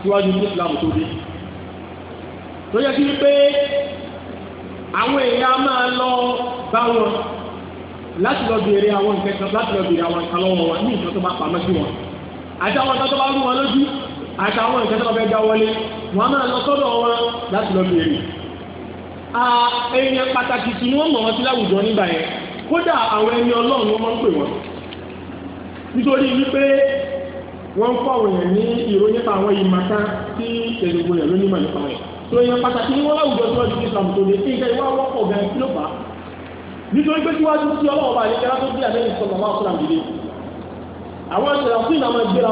síwájú islam tó dé tó yẹ sí pé àwọn èèyàn máa lọ bá wọn láti lọ béèrè àwọn nǹkan kan láti lọ béèrè àwọn nǹkan lọ́wọ́ wọn ní nǹkan tó bá pamọ́ sí wọn àti àwọn nǹkan tó bá rú wọn lójú àti àwọn nǹkan tó bá fẹ́ já wọlé wọn máa lọ sọ́dọ̀ wọn láti lọ béèrè èèyàn pàtàkì tí wọ́n mọ̀ wọn sí láwùjọ nígbà yẹn kódà àwọn ẹni ọlọ́run wọn máa ń pè wọn nítorí wípé wọ́n ń fọ́ òyìn ní ìròyìn nípa àwọn ìmọ̀ kan tí èdègbò rẹ̀ ló nímọ̀ nípa rẹ̀ tó yẹn pàtàkì ní wọ́n láwùjọ tí wọ́n ti fi sàm tó lè fi ìgbà wọ́pọ̀ gan kí ló fà á nítorí pé síwájú sí ọlọ́wọ́ bá yẹ kẹ́lá tó bí àlẹ́yìn sọ̀rọ̀ máa kúrò àgbèrè àwọn ìṣẹ̀lẹ̀ fún ìlànà ìgbéra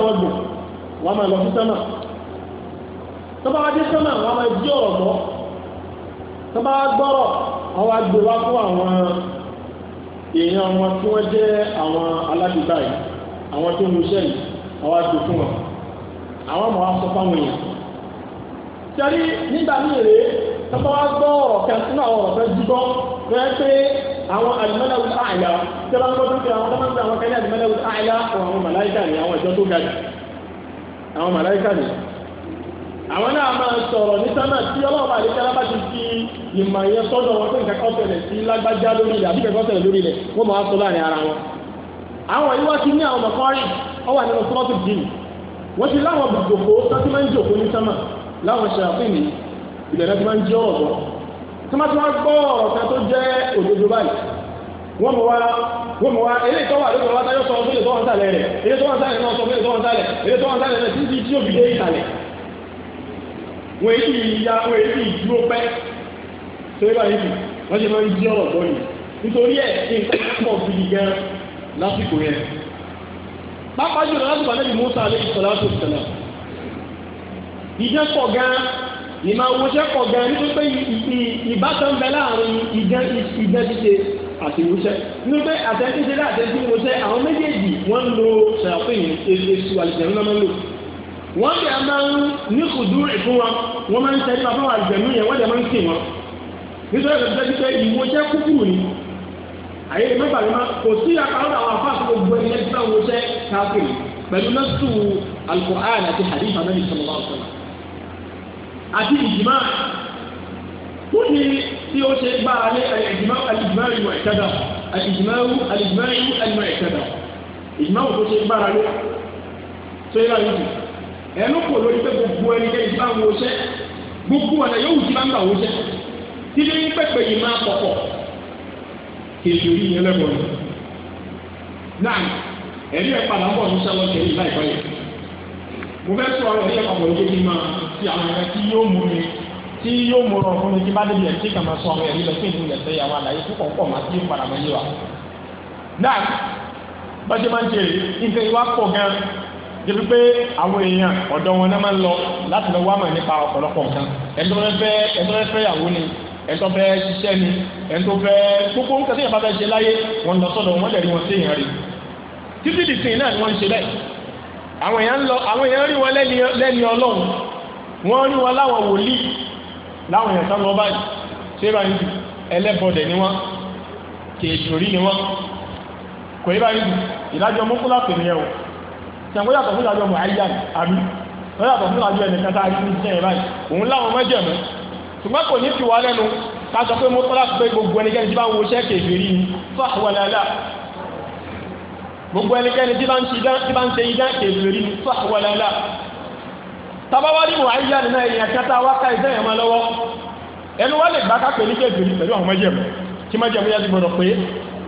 àwọn tó ń lu iṣẹ́ yìí àwọn àjò fún wọn àwọn ọmọ wa sọ fáwọn èèyàn. sẹ́rí nígbà mìíràn tọ́pá wa gbọ́ ọ̀rọ̀ kan sínú àwọn ọ̀rọ̀ fẹ́ jígbọ́ rẹ́ pé àwọn alimẹ́lẹ́wù àyà tẹ́lá ń gbọ́dọ̀ pé àwọn tọ́pá àwọn kẹ́lẹ́ alimẹ́lẹ́wù àyà àwọn màláìkà ni àwọn ìjọ tó ga jù àwọn màláìkà ni. àwọn náà máa sọ̀rọ̀ ní sánà tí ọlọ́ọ̀bà àdékẹ́lá bá ti fi ìmọ̀ yẹn sọ́dọ̀ wọn pé nǹkan kọ́ tẹ̀lẹ̀ sí lágbájá lórí ilẹ̀ àbíkẹ́kọ́ tẹ̀lẹ̀ àwọn yìí wá sí ní àwọn mọ̀kọ́rìn ọ wà nínú sọ́ọ̀tù dìní wọ́n ti láwọn jòkó tọ́tí máa ń jòkó ní sánmà láwọn ṣàfihàn ilẹ̀ náà ti máa ń jẹ́ ọ̀rọ̀ tí wọ́n ti wá gbọ́ ọ̀rọ̀ kan tó jẹ́ òdodo báyìí wọ́n mọ̀ wá wọ́n mọ̀ wá eléyìí tó wà lóko wá táyọ̀ sọ fún ìtọ́wọ́n sálẹ̀ rẹ̀ eléyìí tó wà sálẹ̀ náà sọ fún ìtọ́wọ́n sálẹ̀ eléyìí tó wà sálẹ̀ rẹ̀ títí tí ó fi dé ìsàlẹ̀ wọ́n èyí ya wọ́n èyí dúró pẹ́ tó yẹ báyìí wọ́n ṣe máa ń jí ọ̀rọ̀ gbọ́ yìí nítorí ẹ̀ nǹkan pọ̀ gidi gan-an lásìkò yẹn pápá jùlọ lásìkò ànábì Musa alẹ́ ìsọ̀lá tó ṣẹlẹ̀ ìjẹ́ pọ̀ gan ìmọ̀ àwòṣe pọ̀ gan nítorí pé ìbátan bẹ láàrin ìjẹ́ ṣíṣe àti ìwòṣẹ́ nítorí pé àtẹ̀síṣe láàtẹ̀sí ìwòṣẹ́ àwọn méjèèjì wọ́n ń lo ṣàfihàn èso àlùjẹ̀mí náà máa ń lò wọ́n bẹ̀ máa ń ní kùdú ìfún wọn wọ́n máa ń tẹ́lẹ̀ bàbá àlùjẹ̀mí yẹn wọ́n dẹ̀ máa ń sìn wọn nítorí pé ìwòṣẹ́ kúkúrú ni àyè mẹ́bàlúmá kò sí àkàrọ̀ àwọn afáàfin gbogbo ẹni ẹni náà wọ́n sẹ́ káfíìn pẹ̀lú nọ́ọ̀sù alukur'an àti hadith anabi sọlọ́wọ́ sọlọ́ àti ìjìmá kú ni tí ó ṣe gbá alẹ́ ìjìmá alìjìmá ìwà ìtàdà alìjìmá alìjìmá ìwà ìtàdà ìjìmá òkú ṣe gbá alẹ́ tó yára yìí ẹnu kò lórí pé gbogbo ẹni ẹni bá wọ́n sẹ́ gbogbo ọ̀nà yóò ti ń bà wọ́n sẹ́ títí pẹ́pẹ́ yìí pọ̀pọ̀ kìsìrì yẹn lẹ́bọ̀ ni. náà ẹ̀rí ẹ̀ padà ń bọ̀ ní sẹ́wọ́n kẹ́yìn láìpẹ́ yìí. mo fẹ́ sọ ẹ̀rí ẹ̀ pàpọ̀ lókè kí n máa ti àwọn ẹ̀rẹ́ tí yóò mú mi tí yóò mú rọ̀ fún mi tí bá débi ẹ̀ tí kà máa sọ àwọn ẹ̀rí lọ sí ìlú ẹ̀sẹ̀ yàwọn àlàyé púpọ̀ pọ̀ máa ti padà mọ́ yé wa. náà bọ́jẹ́ máa ń jèrè nǹkan ìwà pọ̀ gan débi pé àwọn èèyàn ọ̀dọ́ wọn náà máa ń lọ láti lọ wá mọ̀ nípa ọ̀pọ̀lọpọ̀ nǹkan ẹ̀dọ́rẹ́fẹ́ ẹ̀dọ́rẹ́fẹ́ yàwó ni ẹ̀tọ́ fẹ́ ṣiṣẹ́ ni ẹ̀tọ́ fẹ́ gbogbo nǹkan tí yẹn bá fẹ́ ṣe láyé wọn lọ sọ́dọ̀ wọn lẹ́rìí wọn sí èèyàn rí títí di náà ni wọ́n ń ṣe bẹ́ẹ̀ àwọn èèyàn lọ àwọn èèyàn rí wọn lẹ́ni ọlọ́run wọ́n rí wọn láwọn wòlíì láwọn èèyàn tán lọ báyìí ṣé báyìí ju ẹlẹ́bọ̀dẹ̀ ni wọ́n kèèjòrí ni wọ́n kò yí báyìí ju ìdájọ́ mọ́kúlá pèmí ẹ̀ o ṣùgbọ́n kò ní fi wá lẹ́nu ká sọ pé mo tọ́lá pé gbogbo ẹnikẹ́ni tí bá ń wo ṣẹ́ẹ̀kì ìfèrí ni fáwọlẹ́lá gbogbo ẹnikẹ́ni tí bá ń ṣe idá kèfèrí ni fáwọlẹ́lá tabawari mu ayi yanni náà èèyàn kẹta wá ká ìdá yẹn máa lọ́wọ́ ẹnu wá lè gbá kápẹ́ ní kèfèrí pẹ̀lú àwọn mẹ́jẹ̀mú tí mẹ́jẹ̀mú yẹn ti gbọdọ̀ pé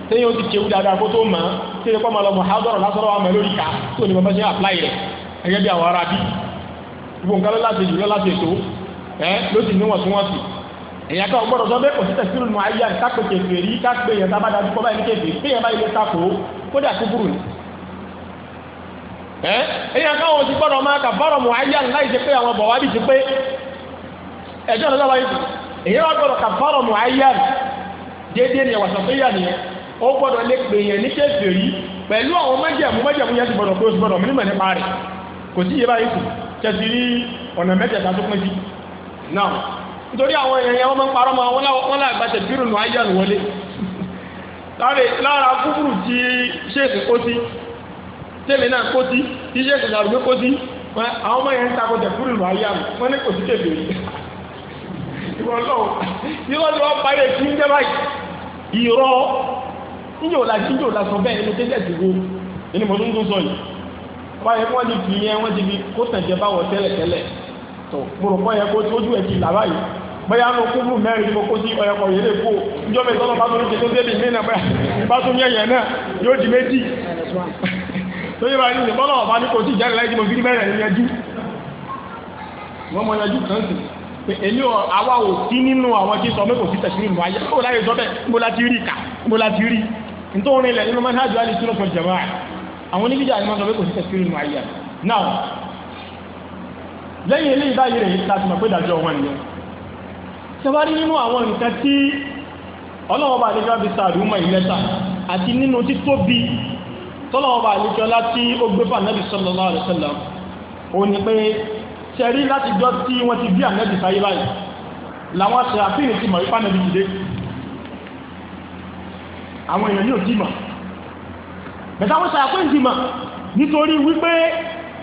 téyìn ó ti kéwú dáadáa kó tó mọ̀ téyìn kọ́ máa lọ mọ̀ hádọ́rọ̀ lásán wà mọ̀ lórí ká tó ní bàbá ṣe àpláyé rẹ̀ gẹ́gẹ́ bí àwọn ará bí gbogbo nǹkan lọ́la ṣe jù lọ́la ẹ lóṣù aka èyàn kan gbọ́dọ̀ sọ bẹ́ẹ̀ kò sí tẹsílù nù ayé àti kápẹ kẹfẹ rí kápẹ yẹn tábàdà tó kọba ẹni kẹfẹ pé yẹn bá ilé takò kódà kúkúrú ni. ẹ èyàn kan wọn gbọ́dọ̀ máa kà ayé láì ṣe pé àwọn wá bí ti pé ẹjọ́ èyàn gbọ́dọ̀ kà ayé déédéé ni ìwàsàn pé náà nítorí àwọn èèyàn yẹn wọ́n máa parọ́ mọ́ wọn láàgbàṣẹ bírù nù ayé ànú lára kúkúrú tí ṣéèkì kó sí tẹ́lẹ̀ náà kó sí tí ṣéèkì làrúgbé kó sí àwọn ọmọ yẹn ń takò tẹ̀kúrú nù ayé ànú wọn ní kò sí tẹ̀lẹ̀ ìwọ lọ́wọ́ ìwọ ni wọ́n ń jẹ́ báyìí ìrọ́ tó gbòòrò kọ́ yẹ kó tí ojú ẹ̀ ti là báyìí bóyá ló kú bú mẹ́rin tó kó sí ọ̀yọ̀kọ̀ yìí lè kó ìjọba ìtọ́nà bá tó ní tètè débi mí náà bá tó ní ẹ̀yẹ náà yóò di méjì tó yẹ báyìí ní bọ́lá ọ̀bá ní kò sí ìjáde láì jí mo fi ní mẹ́rin ẹ̀yẹ jú wọ́n mọ yanjú kan sí èmi ò àwa ò sí nínú àwọn tí sọ pé kò sí tẹ̀sílì nù ayé kó láyé sọ bẹ́ẹ̀ mo la ti rí ká mo la lẹ́yìn ilé ìbáyìí rẹ̀ láti mọ̀ pé dájọ́ wọn ni ṣe bá rí nínú àwọn nǹkan tí ọlọ́wọ́ba àlejò bí sàrùmọ̀ ìlẹ́ta àti nínú títóbi tọ́lọ́wọ́ba àlejò láti ó gbé fún ànábì sallallahu alaihi wasallam ó ní pé ṣe rí láti jọ tí wọ́n ti bí ànábì sáyé báyìí làwọn ṣe àfihàn ti mọ̀ ipá ànábì dìde àwọn èèyàn yóò dì mọ̀ bẹ̀tà wọ́n ṣe àpéǹdì mọ̀ nítorí wípé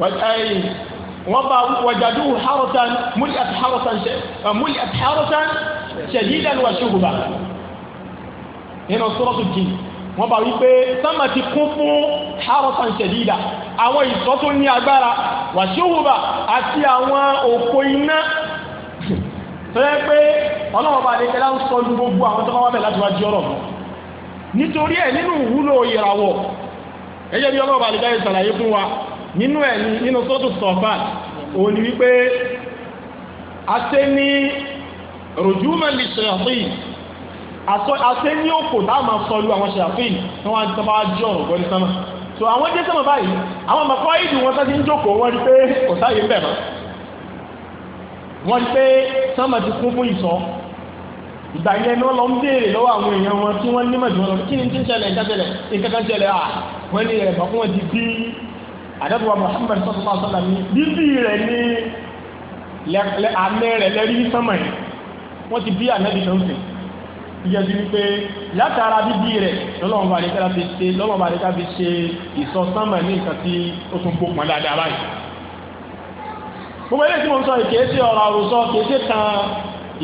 wọ́n bá wàjàdú harotan múlíàt harotan múlíàt harotan ṣẹ̀dídàn wà ṣùgbà nínú sọ́rọ̀tù jìn wọ́n bá wípé sánmà ti kún fún harotan ṣẹ̀dídà àwọn ìṣọ́ tó ní agbára wà ṣùgbà àti àwọn òpó iná tọ́lẹ́ pé ọlọ́wọ́ bá lè kẹlá ń sọ ju gbogbo àwọn tó bá bẹ̀ láti wá ọ̀rọ̀ mọ́ nítorí ẹ̀ nínú ìwúlò ìràwọ̀ nínú ẹ̀ ní nínú sọ́tù sọ̀fà òun ni wípé àṣẹ ní rùjúmọ̀ lè ṣàfihì àṣẹ ní òkò tá a máa sọlu àwọn ṣàfihì tí wọ́n ti bá jọ ọ̀gọ́ ní sánmà so àwọn jẹ́ sánmà báyìí àwọn mọ̀kọ́ ìdù wọn sáti ń jókòó wọ́n rí pé kò sáyé ń bẹ̀ mọ́ wọ́n rí pé sánmà ti kún fún ìsọ ìgbà yẹn ni wọ́n lọ ń béèrè lọ́wọ́ àwọn èèyàn wọn tí wọ́n ní mọ̀jú wọn lọ kí ni ti ń ṣẹlẹ̀ ń ṣẹlẹ̀ nǹkan kan ṣẹlẹ̀ à wọ́n ní ẹ̀rọ àdẹ́bùwà Muhammad sọ́tọ́lá sọ́tọ́lá ní bíbí rẹ̀ ní àmì rẹ̀ lẹ́rí sánmà yìí wọ́n ti bí ànábì tó ń sìn ìyẹ́jú wípé látara bíbí rẹ̀ lọ́lọ́run bá nìkan fi ṣe lọ́lọ́run bá nìkan fi ṣe ìsọ sánmà ní nǹkan tí ó tún gbó pọn dáadáa báyìí gbogbo eléyìí tí mo ń sọ yìí kìí ṣe ọ̀rọ̀ àròsọ kìí ṣe tan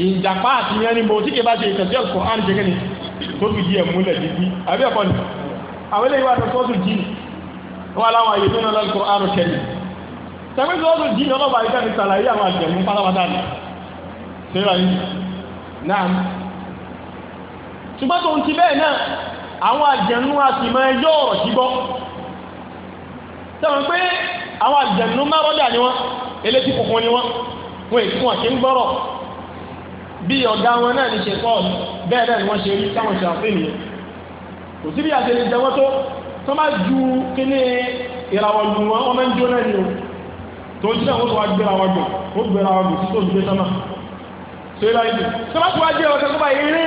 ìjàpá àti yẹn ni mo tí kìí bá ṣe ìtẹ̀sí ọ̀sọ̀ á ń jẹ́ kí ni tó fi di ẹ̀ múlẹ̀ dídí àbí ẹ̀kọ́ ni àwọn eléyìí wà tó sọ́ọ̀tù jíì wọn làwọn àyè nínú lọ́kọ̀ àrùn ṣẹlẹ̀ tẹ̀wé tí wọ́n tún jí ọlọ́ba àyíká mi sàlàyé àwọn àjẹmú pátápátá ni síra yìí náà ṣùgbọ́n tòun ti bẹ́ẹ̀ náà àwọn àjẹmú a sì máa yọ ọ̀rọ̀ sí gbọ́ tẹ̀wọ̀n pé àwọn àjẹmú má rọ́dà ni wọ́n elétí kòkó ni wọ́n wọ́n èkú àti ń gbọ́rọ̀ bí ọ̀gá wọn náà ní ṣe pọ́ọ̀lù bẹ́ẹ̀ náà ni wọ́n ṣe rí táwọn ṣe àfihàn kò sí bí àṣẹ tó bá ju kíní ìràwọ̀ lù wọn wọ́n máa ń jó náà ni o tó ń jìnnà wọ́n tó wá gbéra wọn dùn wọ́n gbéra wọn dùn títí òṣìṣẹ́ sọ́mà tó yẹ láyé tó bá tó wá jẹ́ ọ̀sẹ̀ tó bá eré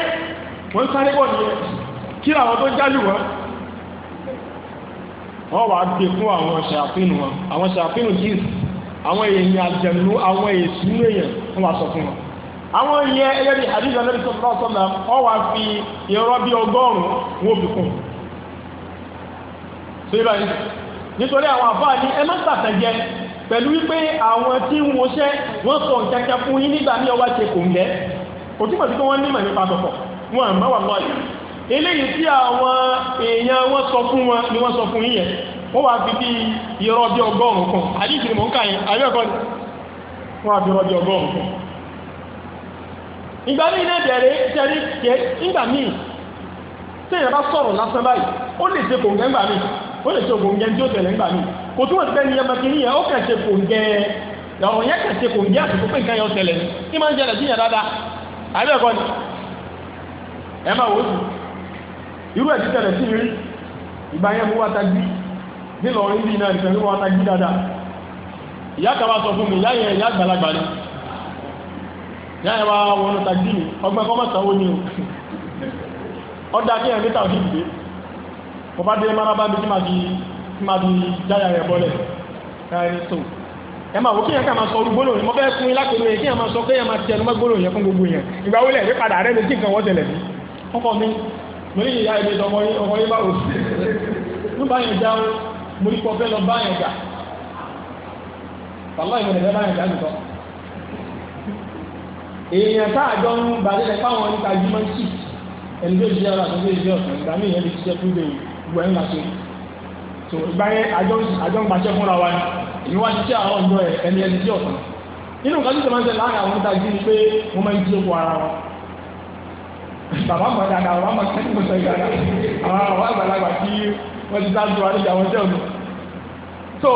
wọ́n sáré bọ̀ nìyẹn kí làwọn tó jálù wọn wọ́n wá gbé fún àwọn ṣàfihàn wọn àwọn ṣàfihàn jíìs àwọn èèyàn àjẹ̀nú àwọn èsù èèyàn wọ́n wá sọ fún wọn àwọn èèyàn ẹyẹ ní àdìsàn sọ́kùnrin ọ̀sán náà wọ́n wá fi ìrọ́ ọgọ́rùn-ún wọ́n fi kún un síbẹ̀ yìí nítorí àwọn àfáà ní ẹ má sàtẹ̀jẹ pẹ̀lú wípé àwọn tí ń wọṣẹ́ wọ́n sọ kẹ́kẹ́ fún yín nígbà ní ọwá ṣe kò ń gẹ́ òtúmọ̀ sí pé wọ́n nímọ̀ nípa àtọ̀kọ̀ wọn àmọ́ wà lọ́ọ̀yì eléyìí tí àwọn èèyàn wọ́n sọ fún wọn ni wọ́n sọ fún yín yẹn wọ́n wá fi bí irọ́ bí ọgọ́rùn-ún kan àdíjì ni mò ń kà yẹn àbẹ́ẹ̀kọ́ ni wọ́n wá fi irọ́ bí ọgọ́rùn-ún kan ìgbà míì náà bẹ̀rẹ̀ tẹ́rí kẹ́ nígbà míì tí èèyàn bá sọ̀rọ̀ lásán báyìí ó lè ṣe ògbóǹgẹ tí ó tẹ̀lé ńgbà mí kò túmọ̀ sí pé ní ẹmọ kìíní yẹn ó kẹ̀ ṣe kò ń gẹ ọ̀rọ̀ yẹn kẹ̀ ṣe kò ń gẹ àsìkò pé nǹkan yẹn ó tẹ̀lé ní kí máa ń jẹrẹ sí yẹn dáadáa àbí ẹ̀kọ́ ni ẹ máa wò ó sùn irú ẹ̀ ti tẹ̀lé sí rí ìgbà yẹn mú wá tají nílọrin bíi náà nìkan ló wá tají dáadáa ìyá kan wá sọ fún mi ìyá o ọ̀dà kí ẹ̀ mẹ́ta kò bá dé mara bá mi tí máa di jáyà rẹ̀ bọ́lẹ̀ ẹni tó ẹ máa wò kí yẹn ká máa sọ orú gbólóhùn yẹn mo fẹ́ fún yín lápẹ̀lú yẹn kí yẹn máa sọ pé yẹn máa tẹnu mọ́ gbólóhùn yẹn fún gbogbo yẹn ìgbà wọlé ẹ̀rí padà rẹ̀ lójú nǹkan wọ́n tẹ̀lẹ̀ mí ọkọ mi mo ní ìyá ìdè ọmọ yín ọmọ yín bá wò sí ní báyìí já o mo ní kọ fẹ́ lọ báyìí gà wàlá ìmọ̀ ẹ̀rẹ́ báyìí gà nìkan èèyàn tá àjọ ń balẹ̀ fáwọn nípa human sheet ẹni tó ṣiṣẹ́ ọ̀la tó ṣiṣẹ́ ọ̀sán ìgbà míì yẹn lè ṣiṣẹ́ fún gbogbo ẹ̀ ń làṣẹ tó ìgbáyé àjọ ń gbàṣẹ fúnra wa ni wá ṣiṣẹ́ àwọn ọ̀dọ́ ẹ̀ ẹni ẹni tí ọ̀sán inú nǹkan títí máa ń ṣe láàrin àwọn ọ̀dà yìí ni pé wọ́n máa ń jí oko ara wọn bàbá mọ̀ dáadáa bàbá mọ̀ kẹ́kẹ́ mọ̀ sọ ìgbàlá àwọn àwọn àgbàlagbà tí wọ́n ti sáájú wa níbi àwọn tẹ́lẹ̀ so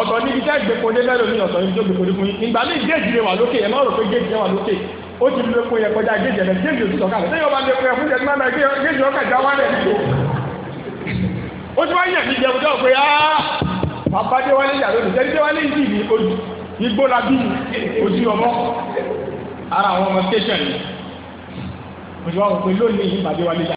ọ̀tọ̀ níbi tẹ́ gbẹ̀kọ́dé mẹ́rin ní ọ̀tọ̀ níbi tó gbẹ̀kọ́dé fún yín ìgbà míì géèjì lè wà lókè ẹ̀ má rò pé géèjì lè wà lókè ó ti lè fún yẹ kọjá géèjì ẹ̀ géèjì ò ti sọ̀kalẹ̀ tẹ́yọ̀ bá lè fún yẹ fún yẹ ó ti wá yàn ní ìjẹun tó pé á ah, bàbá déwálé yàrá òní jẹ́ déwálé yìí ní ojú igbó la bí ojú ọmọ ara àwọn ọmọ tẹ̀sán ni mo ti wá wọ pé lónìí yìí bàbá déwálé